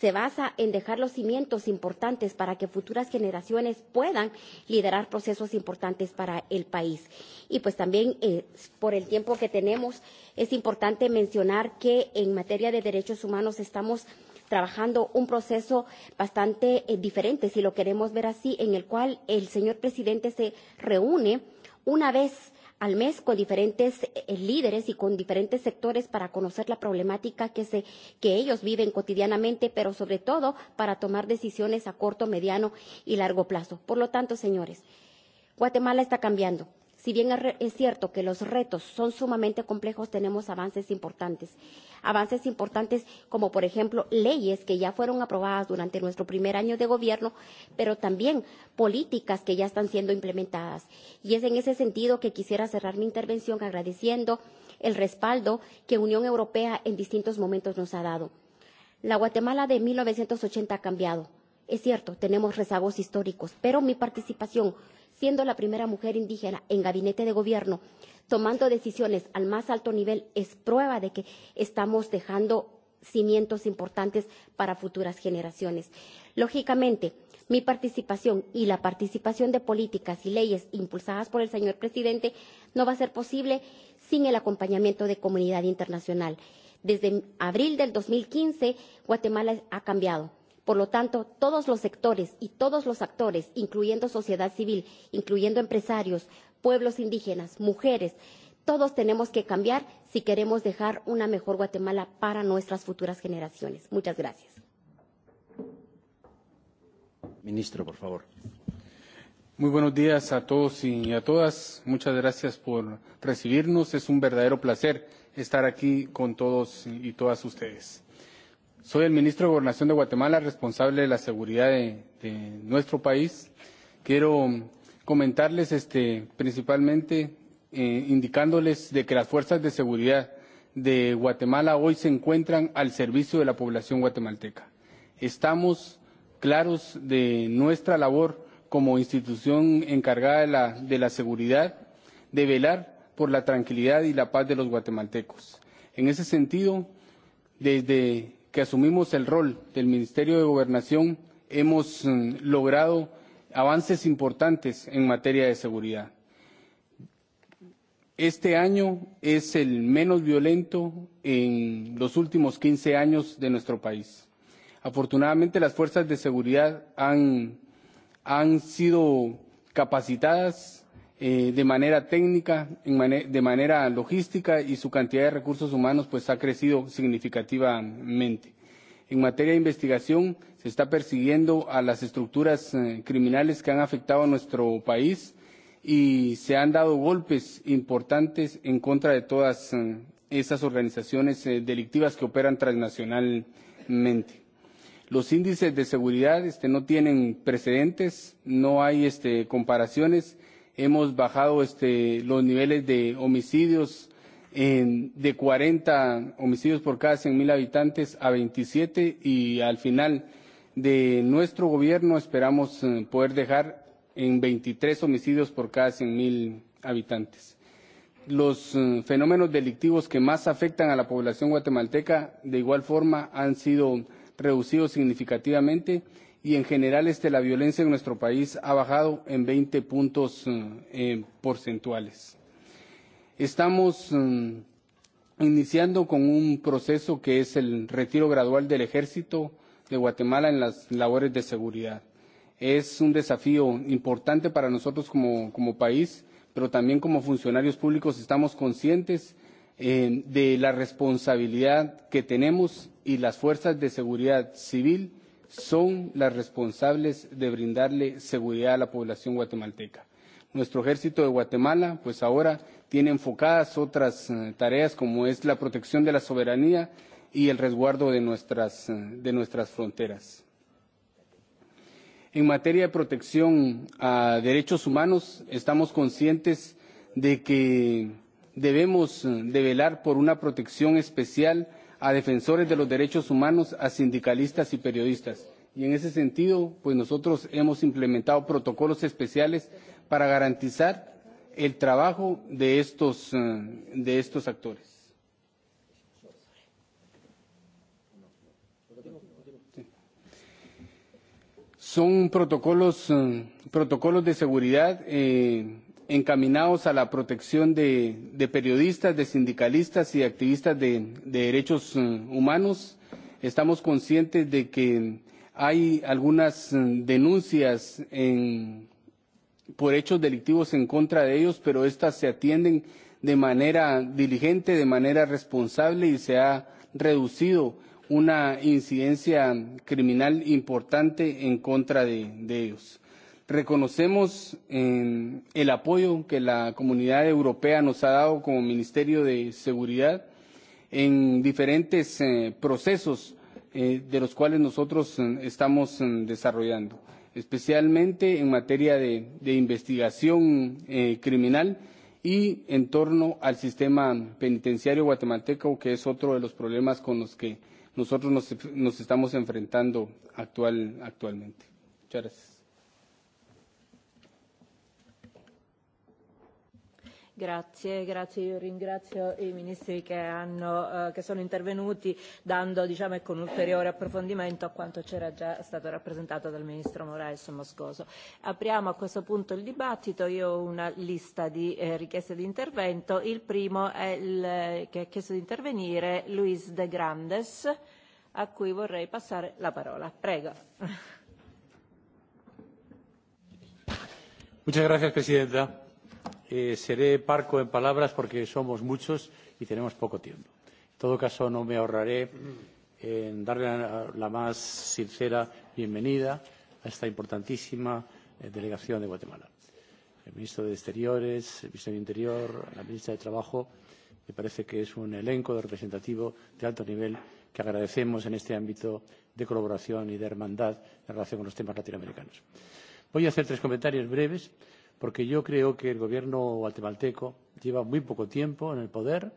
se basa en dejar los cimientos importantes para que futuras generaciones puedan liderar procesos importantes para el país. Y pues también, eh, por el tiempo que tenemos, es importante mencionar que en materia de derechos humanos estamos trabajando un proceso bastante eh, diferente, si lo queremos ver así, en el cual el señor presidente se reúne una vez al mes con diferentes líderes y con diferentes sectores para conocer la problemática que, se, que ellos viven cotidianamente, pero sobre todo para tomar decisiones a corto, mediano y largo plazo. Por lo tanto, señores, Guatemala está cambiando Si bien es cierto que los retos son sumamente complejos, tenemos avances importantes. Avances importantes como, por ejemplo, leyes que ya fueron aprobadas durante nuestro primer año de gobierno, pero también políticas que ya están siendo implementadas. Y es en ese sentido que quisiera cerrar mi intervención agradeciendo el respaldo que Unión Europea en distintos momentos nos ha dado. La Guatemala de 1980 ha cambiado. Es cierto, tenemos rezagos históricos, pero mi participación siendo la primera mujer indígena en gabinete de gobierno, tomando decisiones al más alto nivel, es prueba de que estamos dejando cimientos importantes para futuras generaciones. Lógicamente, mi participación y la participación de políticas y leyes impulsadas por el señor presidente no va a ser posible sin el acompañamiento de comunidad internacional. Desde abril del 2015, Guatemala ha cambiado Por lo tanto, todos los sectores y todos los actores, incluyendo sociedad civil, incluyendo empresarios, pueblos indígenas, mujeres, todos tenemos que cambiar si queremos dejar una mejor Guatemala para nuestras futuras generaciones. Muchas gracias.
Ministro, por favor. Muy buenos días a todos y a todas. Muchas gracias por recibirnos. Es un verdadero placer estar aquí con todos y todas ustedes. Soy el ministro de Gobernación de Guatemala, responsable de la seguridad de, de nuestro país. Quiero comentarles este, principalmente eh, indicándoles de que las fuerzas de seguridad de Guatemala hoy se encuentran al servicio de la población guatemalteca. Estamos claros de nuestra labor como institución encargada de la, de la seguridad, de velar por la tranquilidad y la paz de los guatemaltecos. En ese sentido, desde que asumimos el rol del Ministerio de Gobernación hemos logrado avances importantes en materia de seguridad. Este año es el menos violento en los últimos 15 años de nuestro país. Afortunadamente las fuerzas de seguridad han, han sido capacitadas eh, de manera técnica, en man de manera logística y su cantidad de recursos humanos pues ha crecido significativamente. En materia de investigación, se está persiguiendo a las estructuras eh, criminales que han afectado a nuestro país y se han dado golpes importantes en contra de todas eh, esas organizaciones eh, delictivas que operan transnacionalmente los índices de seguridad este, no tienen precedentes, no hay este, comparaciones hemos bajado este, los niveles de homicidios en, de 40 homicidios por cada 100.000 habitantes a 27 y al final de nuestro gobierno esperamos poder dejar en 23 homicidios por cada 100.000 habitantes. Los fenómenos delictivos que más afectan a la población guatemalteca de igual forma han sido reducidos significativamente y en general este, la violencia en nuestro país ha bajado en 20 puntos eh, porcentuales. Estamos eh, iniciando con un proceso que es el retiro gradual del ejército de Guatemala en las labores de seguridad. Es un desafío importante para nosotros como, como país, pero también como funcionarios públicos estamos conscientes eh, de la responsabilidad que tenemos y las fuerzas de seguridad civil son las responsables de brindarle seguridad a la población guatemalteca. Nuestro ejército de Guatemala, pues ahora tiene enfocadas otras tareas como es la protección de la soberanía y el resguardo de nuestras, de nuestras fronteras. En materia de protección a derechos humanos, estamos conscientes de que debemos de velar por una protección especial a defensores de los derechos humanos, a sindicalistas y periodistas. Y en ese sentido, pues nosotros hemos implementado protocolos especiales para garantizar el trabajo de estos, de estos actores. Son protocolos, protocolos de seguridad eh, encaminados a la protección de, de periodistas, de sindicalistas y de activistas de, de derechos humanos. Estamos conscientes de que hay algunas denuncias en, por hechos delictivos en contra de ellos, pero estas se atienden de manera diligente, de manera responsable y se ha reducido una incidencia criminal importante en contra de, de ellos. Reconocemos eh, el apoyo que la comunidad europea nos ha dado como Ministerio de Seguridad en diferentes eh, procesos eh, de los cuales nosotros eh, estamos eh, desarrollando, especialmente en materia de, de investigación eh, criminal y en torno al sistema penitenciario guatemalteco, que es otro de los problemas con los que nosotros nos, nos estamos enfrentando actual, actualmente. Muchas gracias.
Grazie, grazie. Io ringrazio i ministri che, hanno, eh, che sono intervenuti dando diciamo, ecco, un ulteriore approfondimento a quanto c'era già stato rappresentato dal ministro Moraes Moscoso. Apriamo a questo punto il dibattito. Io ho una lista di eh, richieste di intervento. Il primo è il, che ha chiesto di intervenire Luis De Grandes, a cui vorrei passare la parola. Prego.
Muchas gracias, Presidenta seré parco en palabras porque somos muchos y tenemos poco tiempo. En todo caso, no me ahorraré en darle la más sincera bienvenida a esta importantísima delegación de Guatemala. El ministro de Exteriores, el ministro de Interior, la ministra de Trabajo, me parece que es un elenco de representativo de alto nivel que agradecemos en este ámbito de colaboración y de hermandad en relación con los temas latinoamericanos. Voy a hacer tres comentarios breves porque yo creo que el gobierno guatemalteco lleva muy poco tiempo en el poder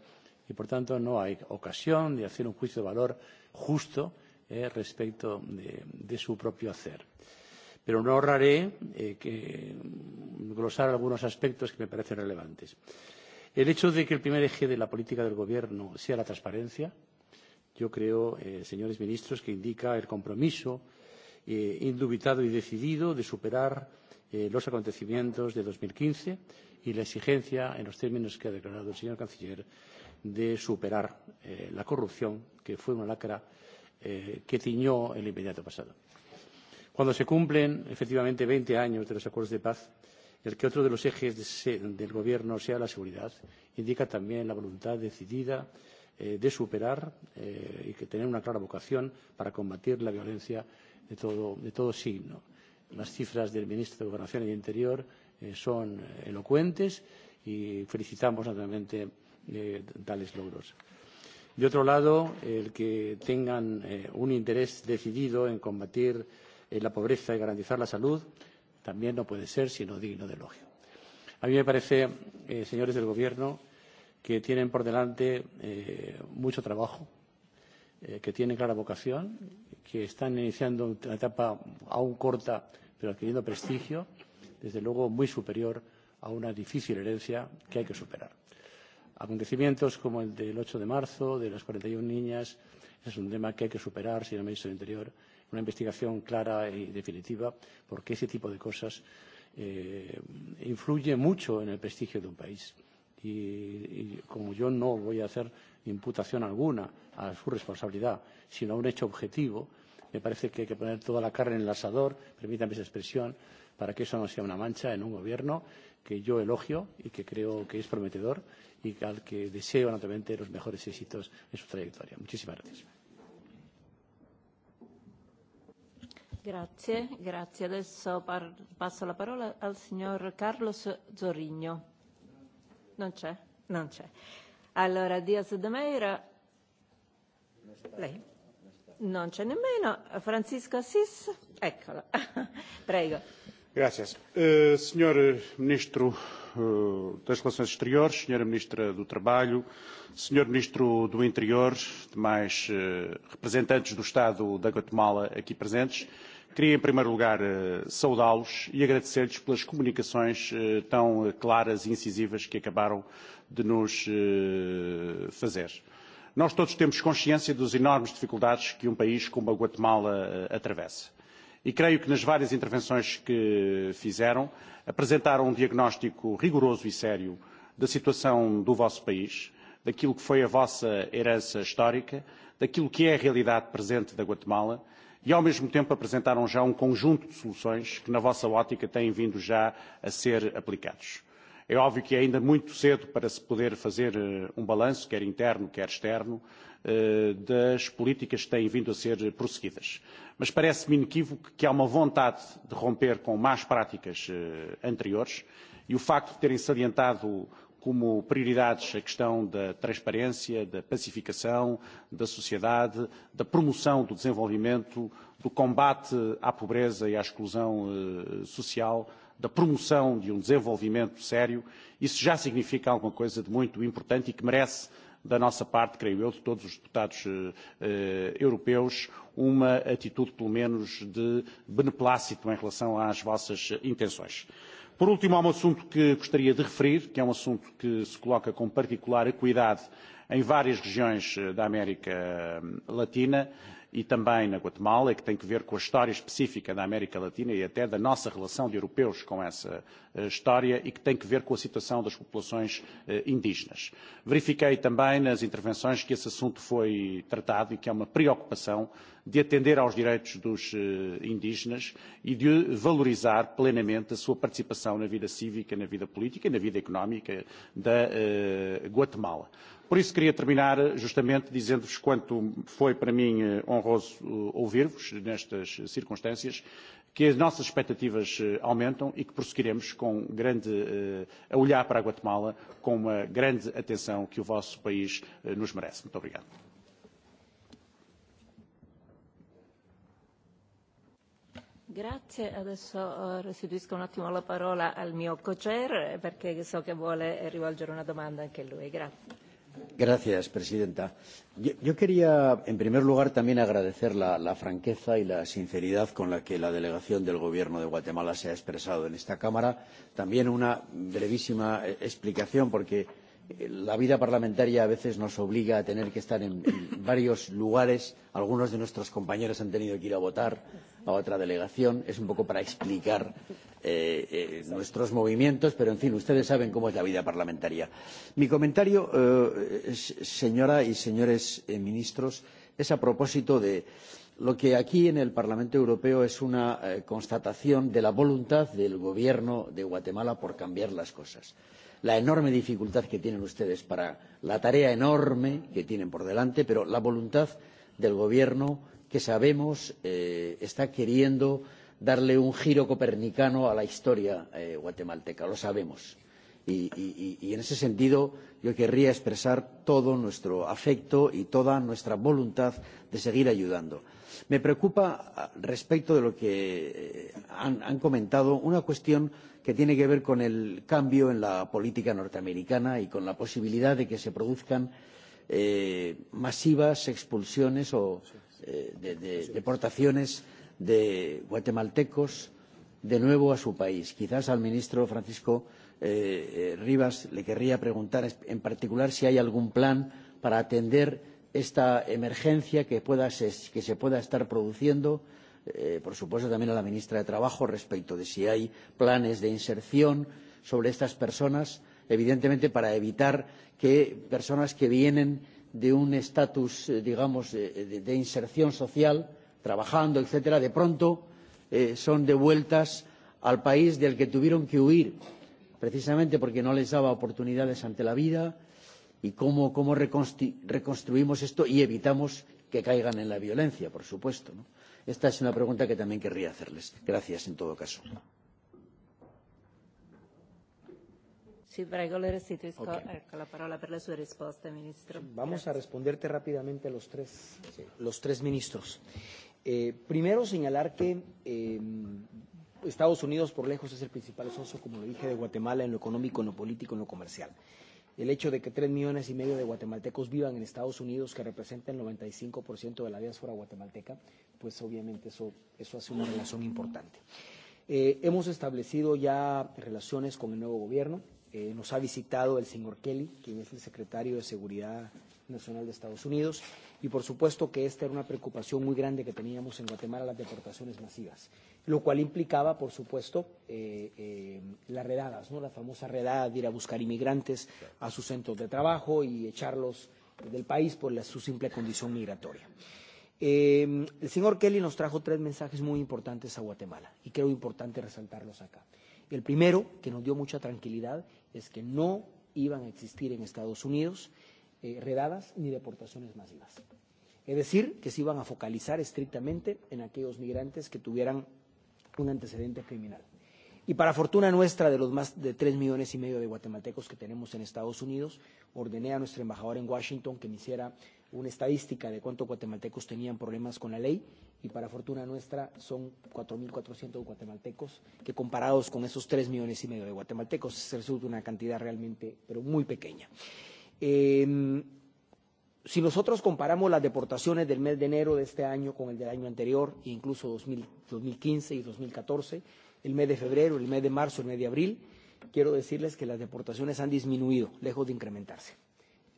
y, por tanto, no hay ocasión de hacer un juicio de valor justo eh, respecto de, de su propio hacer. Pero no ahorraré eh, que glosar algunos aspectos que me parecen relevantes. El hecho de que el primer eje de la política del Gobierno sea la transparencia, yo creo, eh, señores ministros, que indica el compromiso eh, indubitado y decidido de superar los acontecimientos de dos mil quince y la exigencia, en los términos que ha declarado el señor canciller, de superar la corrupción, que fue una lacra que tiñó el inmediato pasado. Cuando se cumplen efectivamente veinte años de los acuerdos de paz, el que otro de los ejes del Gobierno sea la seguridad indica también la voluntad decidida de superar y que tener una clara vocación para combatir la violencia de todo signo Las cifras del ministro de Gobernación y de Interior son elocuentes y felicitamos naturalmente tales logros. De otro lado, el que tengan un interés decidido en combatir la pobreza y garantizar la salud también no puede ser sino digno de elogio. A mí me parece, señores del Gobierno, que tienen por delante mucho trabajo, que tienen clara vocación, que están iniciando una etapa aún corta pero adquiriendo prestigio, desde luego muy superior a una difícil herencia que hay que superar. Acontecimientos como el del 8 de marzo, de las 41 niñas, es un tema que hay que superar, señor ministro del Interior, una investigación clara y definitiva, porque ese tipo de cosas eh, influye mucho en el prestigio de un país. Y, y como yo no voy a hacer imputación alguna a su responsabilidad, sino a un hecho objetivo, Me parece que hay que poner toda la carne en el asador, permítame esa expresión, para que eso no sea una mancha en un gobierno que yo elogio y que creo que es prometedor y al que deseo naturalmente los mejores éxitos en su trayectoria. Muchísimas gracias.
Grazie, grazie. Adesso par- passo la parola al signor Carlos Zorigno. Non c'è? Non c'è. Allora, Diaz de Meira. Lei non c'è nemmeno. Francisco Assis, eccola. Prego.
Gracias. Uh, Sr. Ministro uh, das Relações Exteriores, Sra. Ministra do Trabalho, Sr. Ministro do Interior, demais uh, representantes do Estado da Guatemala aqui presentes, queria em primeiro lugar uh, saudá-los e agradecer-lhes pelas comunicações uh, tão claras e incisivas que acabaram de nos uh, fazer. Uh, Nós todos temos consciência das enormes dificuldades que um país como a Guatemala atravessa. E creio que nas várias intervenções que fizeram, apresentaram um diagnóstico rigoroso e sério da situação do vosso país, daquilo que foi a vossa herança histórica, daquilo que é a realidade presente da Guatemala e, ao mesmo tempo, apresentaram já um conjunto de soluções que, na vossa ótica, têm vindo já a ser aplicados. É óbvio que é ainda muito cedo para se poder fazer um balanço, quer interno, quer externo, das políticas que têm vindo a ser prosseguidas. Mas parece-me inequívoco que há uma vontade de romper com más práticas anteriores e o facto de terem salientado como prioridades a questão da transparência, da pacificação da sociedade, da promoção do desenvolvimento, do combate à pobreza e à exclusão social da promoção de um desenvolvimento sério, isso já significa alguma coisa de muito importante e que merece da nossa parte, creio eu, de todos os deputados europeus, uma atitude, pelo menos, de beneplácito em relação às vossas intenções. Por último, há um assunto que gostaria de referir, que é um assunto que se coloca com particular acuidade em várias regiões da América Latina e também na Guatemala, e que tem que ver com a história específica da América Latina e até da nossa relação de europeus com essa história e que tem que ver com a situação das populações indígenas. Verifiquei também nas intervenções que esse assunto foi tratado e que é uma preocupação de atender aos direitos dos indígenas e de valorizar plenamente a sua participação na vida cívica, na vida política e na vida económica da Guatemala. Por isso queria terminar justamente dizendo-vos quanto foi para mim honroso ouvir-vos nestas circunstâncias, que as nossas expectativas aumentam e que prosseguiremos com grande, a olhar para a Guatemala com uma grande atenção que o vosso país nos merece. Muito obrigado.
Grazie, adesso restituisco un attimo la parola al mio co-chair perché so che vuole rivolgere una domanda anche lui. Grazie.
Señora presidenta. Yo, quería, en primer lugar, también agradecer la, franqueza y la sinceridad con la que la delegación del Gobierno de Guatemala se ha expresado en esta Cámara. También una brevísima explicación, porque la vida parlamentaria a veces nos obliga a tener que estar en, varios lugares. Algunos de nuestros compañeros han tenido que ir a votar a otra delegación. Es un poco para explicar eh, eh, nuestros movimientos, pero en fin, ustedes saben cómo es la vida parlamentaria. Mi comentario, eh, señora y señores eh, ministros, es a propósito de lo que aquí en el Parlamento Europeo es una eh, constatación de la voluntad del Gobierno de Guatemala por cambiar las cosas la enorme dificultad que tienen ustedes para la tarea enorme que tienen por delante, pero la voluntad del Gobierno que sabemos eh, está queriendo darle un giro copernicano a la historia eh, guatemalteca, lo sabemos. Y, y, y en ese sentido yo querría expresar todo nuestro afecto y toda nuestra voluntad de seguir ayudando. Me preocupa respecto de lo que han, han comentado una cuestión que tiene que ver con el cambio en la política norteamericana y con la posibilidad de que se produzcan eh, masivas expulsiones o eh, de, de, deportaciones de guatemaltecos de nuevo a su país. Quizás al ministro Francisco eh, Rivas le querría preguntar en particular si hay algún plan para atender esta emergencia que, pueda, que se pueda estar produciendo eh, por supuesto también a la ministra de Trabajo respecto de si hay planes de inserción sobre estas personas, evidentemente para evitar que personas que vienen de un estatus, digamos, de, de inserción social, trabajando, etcétera, de pronto eh, son devueltas al país del que tuvieron que huir, precisamente porque no les daba oportunidades ante la vida, y cómo, cómo reconstruimos esto y evitamos que caigan en la violencia, por supuesto. ¿no? Esta es una pregunta que también querría hacerles. Gracias, en todo caso.
Sì, prego, le restituisco okay. la parola per le Ministro. Vamos
a responderte rápidamente los tres, sí. los tres ministros. Eh, primero, señalar que eh, Estados Unidos por lejos es el principal socio, como lo dije, de Guatemala en lo económico, en lo político, en lo comercial el hecho de que tres millones y medio de guatemaltecos vivan en Estados Unidos, que representa el 95% de la diáspora guatemalteca, pues obviamente eso, eso hace una relación importante. Eh, hemos establecido ya relaciones con el nuevo gobierno. Eh, nos ha visitado el señor Kelly, quien es el secretario de Seguridad Nacional de Estados Unidos. Y por supuesto que esta era una preocupación muy grande que teníamos en Guatemala, las deportaciones masivas, lo cual implicaba, por supuesto, eh, eh, las redadas, ¿no? la famosa redada de ir a buscar inmigrantes a sus centros de trabajo y echarlos del país por la, su simple condición migratoria. Eh, el señor Kelly nos trajo tres mensajes muy importantes a Guatemala y creo importante resaltarlos acá. El primero, que nos dio mucha tranquilidad, es que no iban a existir en Estados Unidos eh, redadas ni deportaciones masivas. Es decir, que se iban a focalizar estrictamente en aquellos migrantes que tuvieran un antecedente criminal. Y para fortuna nuestra, de los más de tres millones y medio de guatemaltecos que tenemos en Estados Unidos, ordené a nuestro embajador en Washington que me hiciera una estadística de cuántos guatemaltecos tenían problemas con la ley y para fortuna nuestra son 4.400 guatemaltecos, que comparados con esos 3 millones y medio de guatemaltecos resulta una cantidad realmente, pero muy pequeña. Eh, si nosotros comparamos las deportaciones del mes de enero de este año con el del año anterior, e incluso 2000, 2015 y 2014, el mes de febrero, el mes de marzo, el mes de abril, quiero decirles que las deportaciones han disminuido, lejos de incrementarse.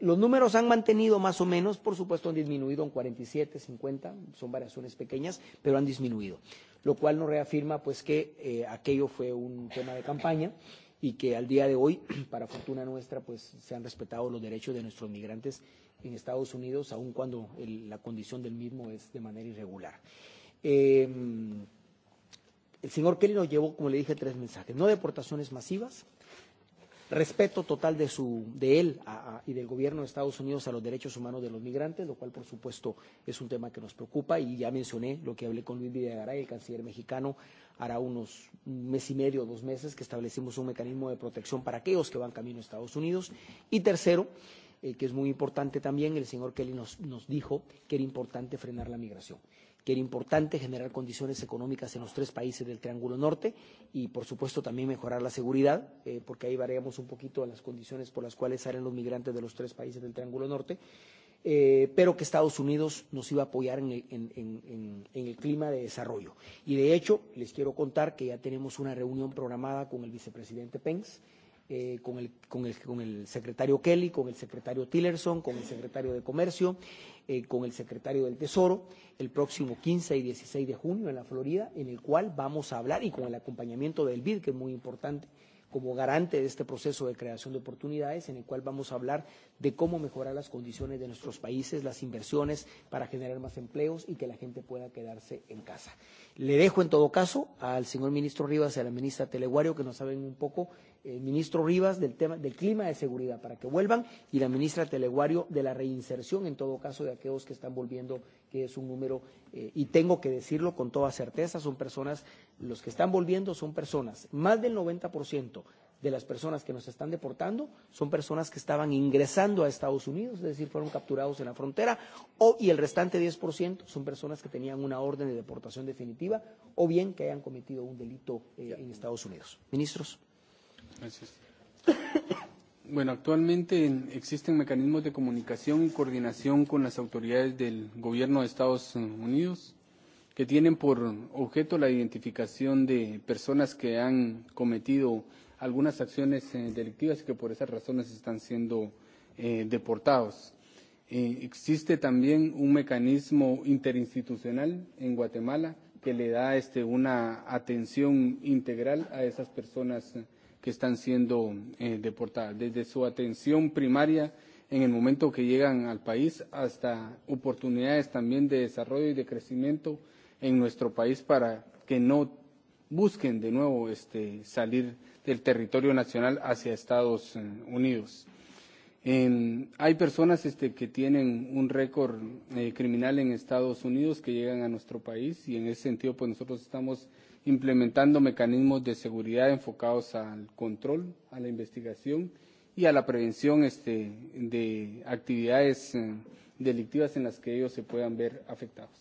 Los números han mantenido más o menos, por supuesto han disminuido en 47, 50, son variaciones pequeñas, pero han disminuido, lo cual nos reafirma pues que eh, aquello fue un tema de campaña y que al día de hoy, para fortuna nuestra, pues se han respetado los derechos de nuestros migrantes en Estados Unidos, aun cuando el, la condición del mismo es de manera irregular. Eh, el señor Kelly nos llevó, como le dije, tres mensajes. No deportaciones masivas, respeto total de, su, de él a, a, y del gobierno de Estados Unidos a los derechos humanos de los migrantes, lo cual, por supuesto, es un tema que nos preocupa. Y ya mencioné lo que hablé con Luis Videgaray, el canciller mexicano, hará unos mes y medio, dos meses, que establecimos un mecanismo de protección para aquellos que van camino a Estados Unidos. Y tercero, eh, que es muy importante también, el señor Kelly nos, nos dijo que era importante frenar la migración que era importante generar condiciones económicas en los tres países del Triángulo Norte y, por supuesto, también mejorar la seguridad, eh, porque ahí variamos un poquito en las condiciones por las cuales salen los migrantes de los tres países del Triángulo Norte, eh, pero que Estados Unidos nos iba a apoyar en el, en, en, en, en el clima de desarrollo. Y, de hecho, les quiero contar que ya tenemos una reunión programada con el vicepresidente Pence eh, con, el, con, el, con el secretario Kelly, con el secretario Tillerson, con el secretario de Comercio, eh, con el secretario del Tesoro, el próximo 15 y 16 de junio en la Florida, en el cual vamos a hablar y con el acompañamiento del BID, que es muy importante como garante de este proceso de creación de oportunidades, en el cual vamos a hablar de cómo mejorar las condiciones de nuestros países, las inversiones para generar más empleos y que la gente pueda quedarse en casa. Le dejo en todo caso al señor ministro Rivas y a la ministra Teleguario que nos saben un poco el ministro Rivas del tema del clima de seguridad para que vuelvan y la ministra Teleguario de la reinserción en todo caso de aquellos que están volviendo, que es un número eh, y tengo que decirlo con toda certeza, son personas los que están volviendo son personas, más del 90% de las personas que nos están deportando son personas que estaban ingresando a Estados Unidos, es decir, fueron capturados en la frontera, o, y el restante 10% son personas que tenían una orden de deportación definitiva o bien que hayan cometido un delito eh, en Estados Unidos.
Ministros. Bueno, actualmente existen mecanismos de comunicación y coordinación con las autoridades del gobierno de Estados Unidos que tienen por objeto la identificación de personas que han cometido algunas acciones delictivas y que por esas razones están siendo eh, deportados. Eh, existe también un mecanismo interinstitucional en Guatemala que le da este, una atención integral a esas personas eh, que están siendo eh, deportadas, desde su atención primaria en el momento que llegan al país hasta oportunidades también de desarrollo y de crecimiento en nuestro país para que no busquen de nuevo este, salir del territorio nacional hacia Estados Unidos. En, hay personas este, que tienen un récord eh, criminal en Estados Unidos que llegan a nuestro país y en ese sentido pues nosotros estamos implementando mecanismos de seguridad enfocados al control, a la investigación y a la prevención este, de actividades delictivas en las que ellos se puedan ver afectados.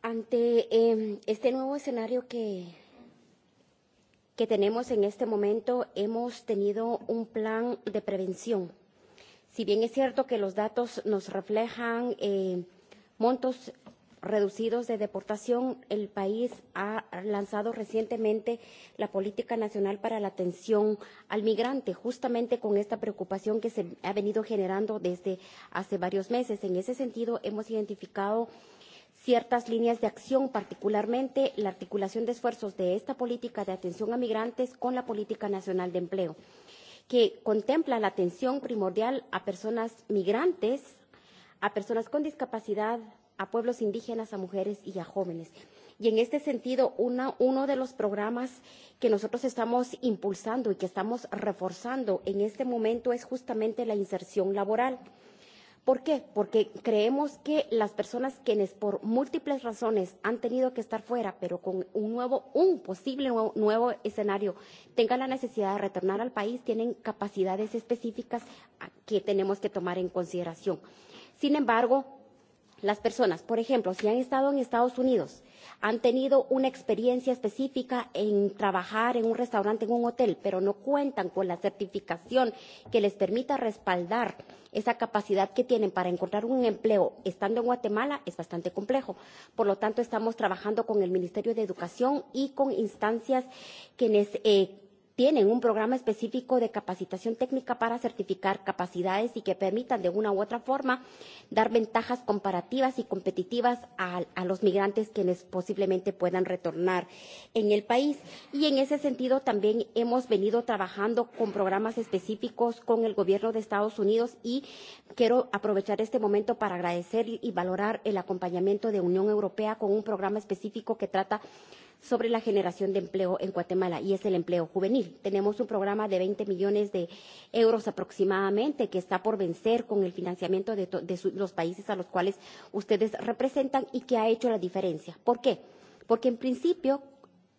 Ante eh, este nuevo escenario que, que tenemos en este momento, hemos tenido un plan de prevención Si bien es cierto que los datos nos reflejan eh, montos reducidos de deportación, el país ha lanzado recientemente la Política Nacional para la Atención al Migrante, justamente con esta preocupación que se ha venido generando desde hace varios meses. En ese sentido, hemos identificado ciertas líneas de acción, particularmente la articulación de esfuerzos de esta política de atención a migrantes con la Política Nacional de Empleo que contempla la atención primordial a personas migrantes, a personas con discapacidad, a pueblos indígenas, a mujeres y a jóvenes. Y en este sentido, una, uno de los programas que nosotros estamos impulsando y que estamos reforzando en este momento es justamente la inserción laboral. ¿Por qué? Porque creemos que las personas quienes por múltiples razones han tenido que estar fuera, pero con un nuevo, un posible nuevo, nuevo escenario, tengan la necesidad de retornar al país, tienen capacidades específicas que tenemos que tomar en consideración. Sin embargo, las personas, por ejemplo, si han estado en Estados Unidos, han tenido una experiencia específica en trabajar en un restaurante, en un hotel, pero no cuentan con la certificación que les permita respaldar esa capacidad que tienen para encontrar un empleo estando en Guatemala, es bastante complejo. Por lo tanto, estamos trabajando con el Ministerio de Educación y con instancias que Eh, tienen un programa específico de capacitación técnica para certificar capacidades y que permitan de una u otra forma dar ventajas comparativas y competitivas a, a los migrantes quienes posiblemente puedan retornar en el país. Y en ese sentido también hemos venido trabajando con programas específicos con el gobierno de Estados Unidos y quiero aprovechar este momento para agradecer y valorar el acompañamiento de Unión Europea con un programa específico que trata sobre la generación de empleo en Guatemala y es el empleo juvenil. Tenemos un programa de 20 millones de euros aproximadamente que está por vencer con el financiamiento de, de su, los países a los cuales ustedes representan y que ha hecho la diferencia. ¿Por qué? Porque en principio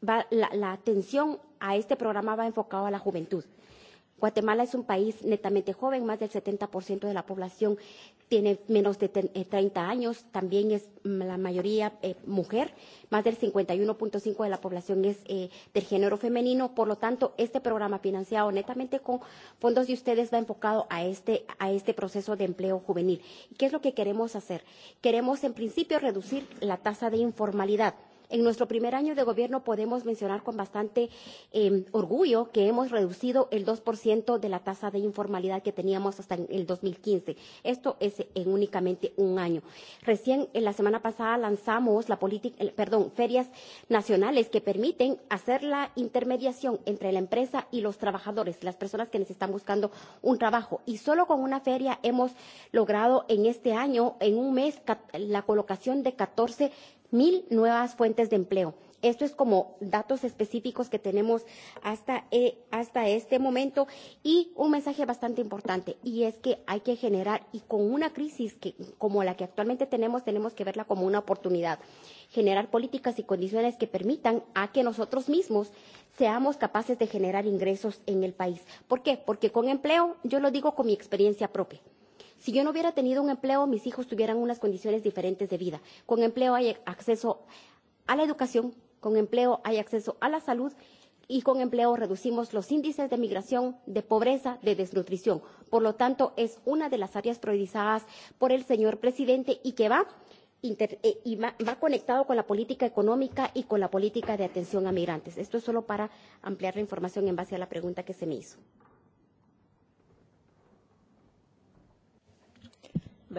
va, la, la atención a este programa va enfocado a la juventud Guatemala es un país netamente joven, más del 70% de la población tiene menos de 30 años, también es la mayoría eh, mujer, más del 51.5% de la población es eh, del género femenino, por lo tanto, este programa financiado netamente con fondos de ustedes va enfocado a este, a este proceso de empleo juvenil. ¿Y qué es lo que queremos hacer? Queremos, en principio, reducir la tasa de informalidad En nuestro primer año de gobierno podemos mencionar con bastante eh, orgullo que hemos reducido el 2% de la tasa de informalidad que teníamos hasta en el 2015. Esto es en únicamente un año. Recién en la semana pasada lanzamos la política, perdón, ferias nacionales que permiten hacer la intermediación entre la empresa y los trabajadores, las personas que les están buscando un trabajo. Y solo con una feria hemos logrado en este año, en un mes, la colocación de 14 mil nuevas fuentes de empleo. Esto es como datos específicos que tenemos hasta, eh, hasta este momento y un mensaje bastante importante y es que hay que generar y con una crisis que, como la que actualmente tenemos tenemos que verla como una oportunidad generar políticas y condiciones que permitan a que nosotros mismos seamos capaces de generar ingresos en el país. ¿Por qué? Porque con empleo, yo lo digo con mi experiencia propia, Si yo no hubiera tenido un empleo, mis hijos tuvieran unas condiciones diferentes de vida. Con empleo hay acceso a la educación, con empleo hay acceso a la salud y con empleo reducimos los índices de migración, de pobreza, de desnutrición. Por lo tanto, es una de las áreas priorizadas por el señor presidente y que va inter, y va, va conectado con la política económica y con la política de atención a migrantes. Esto es solo para ampliar la información en base a la pregunta que se me hizo.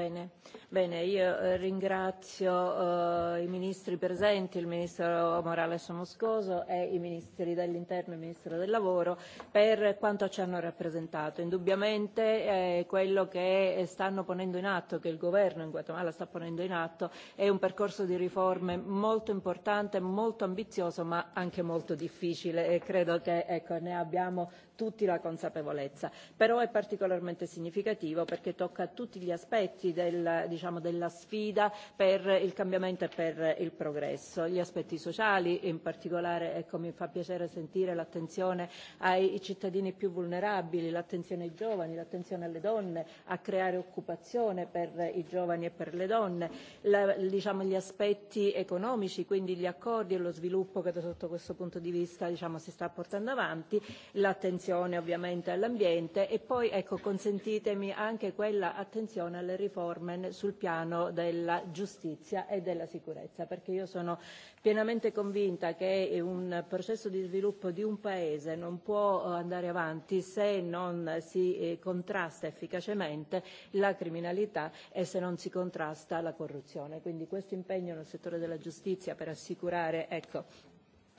bene Bene, io ringrazio i ministri presenti, il ministro Morales Moscoso e i ministri dell'interno e il ministro del lavoro per quanto ci hanno rappresentato. Indubbiamente quello che stanno ponendo in atto, che il governo in Guatemala sta ponendo in atto, è un percorso di riforme molto importante, molto ambizioso ma anche molto difficile e credo che ecco, ne abbiamo tutti la consapevolezza. Però è particolarmente significativo perché tocca tutti gli aspetti del, diciamo, della sfida per il cambiamento e per il progresso. Gli aspetti sociali, in particolare ecco, mi fa piacere sentire l'attenzione ai cittadini più vulnerabili, l'attenzione ai giovani, l'attenzione alle donne, a creare occupazione per i giovani e per le donne, la, diciamo, gli aspetti economici, quindi gli accordi e lo sviluppo che da sotto questo punto di vista diciamo, si sta portando avanti, l'attenzione ovviamente all'ambiente e poi ecco, consentitemi anche quella attenzione alle riforme sul sul piano della giustizia e della sicurezza, perché io sono pienamente convinta che un processo di sviluppo di un paese non può andare avanti se non si contrasta efficacemente la criminalità e se non si contrasta la corruzione. Quindi questo impegno nel settore della giustizia per assicurare ecco,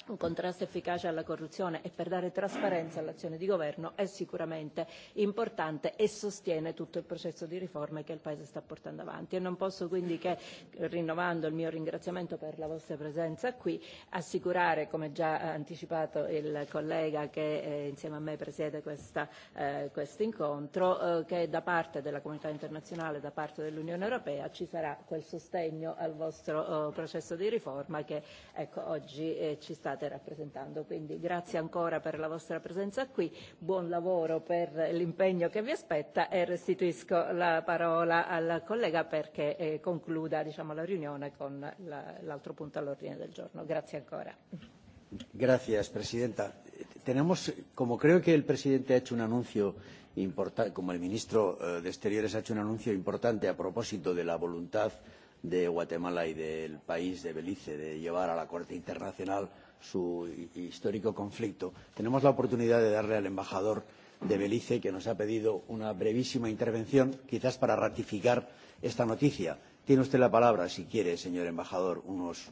un contrasto efficace alla corruzione e per dare trasparenza all'azione di governo è sicuramente importante e sostiene tutto il processo di riforme che il Paese sta portando avanti. E non posso quindi che, rinnovando il mio ringraziamento per la vostra presenza qui, assicurare, come già anticipato il collega che eh, insieme a me presiede questo eh, incontro, eh, che da parte della comunità internazionale, da parte dell'Unione Europea ci sarà quel sostegno al vostro eh, processo di riforma che ecco, oggi eh, ci sta state rappresentando. Quindi grazie ancora per la vostra presenza qui, buon lavoro per l'impegno che vi aspetta e restituisco la parola al collega perché eh, concluda diciamo, la riunione con l'altro punto all'ordine del giorno. Grazie ancora.
Grazie presidenta. Tenemos, como creo que el presidente ha hecho un anuncio importante, como el ministro de Exteriores ha hecho un anuncio importante a propósito de la voluntad de Guatemala y del país de Belice de llevar a la Corte Internacional su histórico conflicto, tenemos la oportunidad de darle al embajador de Belice, que nos ha pedido una brevísima intervención, quizás para ratificar esta noticia. Tiene usted la palabra, si quiere, señor embajador, unos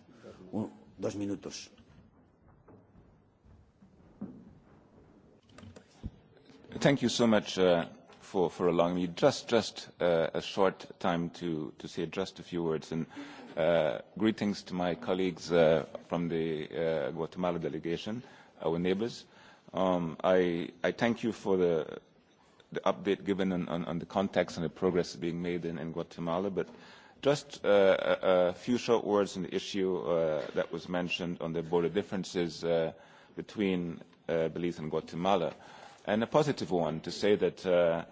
un, dos minutos.
Thank you so much, uh, for, for allowing me just, just uh, a short time to, to say just a few words. And uh, greetings to my colleagues uh, from the uh, Guatemala delegation, our neighbors. Um, I, I thank you for the, the update given on, on, on the context and the progress being made in, in Guatemala, but just uh, a, a few short words on the issue uh, that was mentioned on the border differences uh, between uh, Belize and Guatemala, and a positive one to say that uh,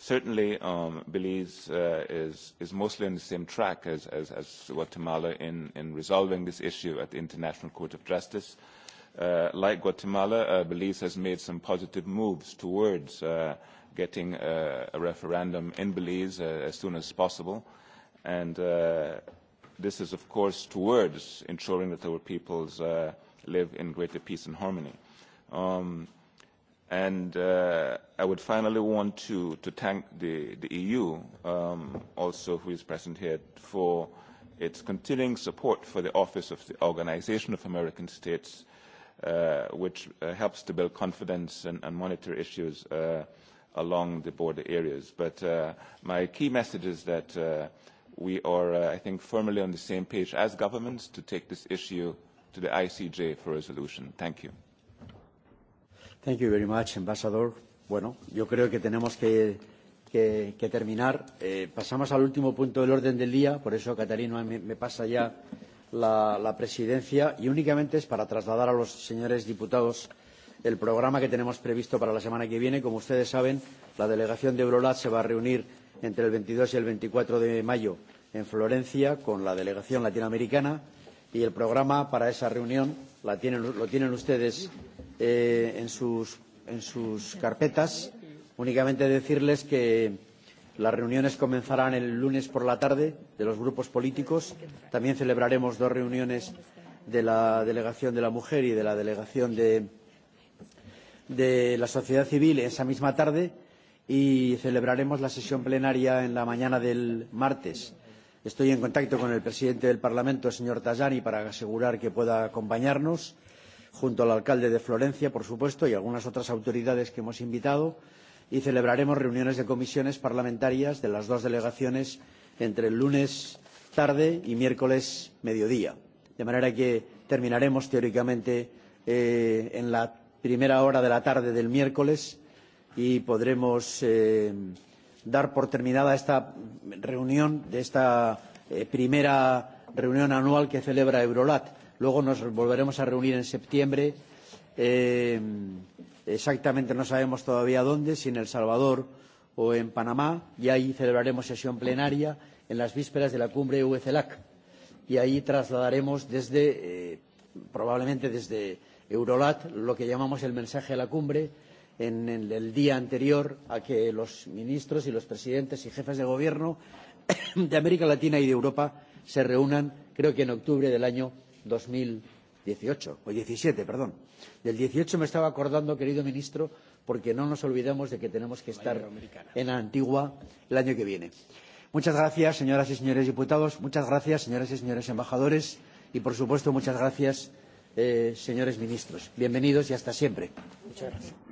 certainly um, Belize uh, is, is mostly on the same track as, as, as Guatemala in, in resolving this issue at the International Court of Justice. Uh, like Guatemala, uh, Belize has made some positive moves towards uh, getting uh, a referendum in Belize uh, as soon as possible. And uh, this is, of course, towards ensuring that our peoples uh, live in greater peace and harmony. Um, And uh, I would finally want to, to thank the, the EU, um, also who is present here, for its continuing support for the Office of the Organization of American States, uh, which uh, helps to build confidence and, and monitor issues uh, along the border areas. But uh, my key message is that uh, we are, uh, I think, firmly on the same page as governments to take this issue to the ICJ for resolution. Thank you.
Thank you very much, Ambassador. Bueno, yo creo que tenemos que, que, que terminar. Eh, pasamos al último punto del orden del día, por eso Catarina me, me pasa ya la, la presidencia y únicamente es para trasladar a los señores diputados el programa que tenemos previsto para la semana que viene. Como ustedes saben, la delegación de Eurolat se va a reunir entre el 22 y el 24 de mayo en Florencia con la delegación latinoamericana y el programa para esa reunión la tienen, lo tienen ustedes eh, en, sus, en sus carpetas. Únicamente decirles que las reuniones comenzarán el lunes por la tarde de los grupos políticos. También celebraremos dos reuniones de la Delegación de la Mujer y de la Delegación de, de la Sociedad Civil esa misma tarde y celebraremos la sesión plenaria en la mañana del martes. Estoy en contacto con el presidente del Parlamento, el señor Tajani, para asegurar que pueda acompañarnos junto al alcalde de Florencia, por supuesto, y algunas otras autoridades que hemos invitado, y celebraremos reuniones de comisiones parlamentarias de las dos delegaciones entre el lunes tarde y miércoles mediodía. De manera que terminaremos teóricamente eh, en la primera hora de la tarde del miércoles y podremos eh, dar por terminada esta reunión de esta eh, primera reunión anual que celebra Eurolat Luego nos volveremos a reunir en septiembre. Eh, exactamente no sabemos todavía dónde, si en El Salvador o en Panamá, y ahí celebraremos sesión plenaria en las vísperas de la cumbre UECELAC. Y ahí trasladaremos desde, eh, probablemente desde Eurolat, lo que llamamos el mensaje de la cumbre, en el, el día anterior a que los ministros y los presidentes y jefes de gobierno de América Latina y de Europa se reúnan, creo que en octubre del año dos mil dieciocho o diecisiete perdón del dieciocho me estaba acordando querido ministro porque no nos olvidemos de que tenemos que estar en la Antigua el año que viene. Muchas gracias, señoras y señores diputados. Muchas gracias, señoras y señores embajadores. Y, por supuesto, muchas gracias, eh, señores ministros. Bienvenidos y hasta siempre. Muchas gracias.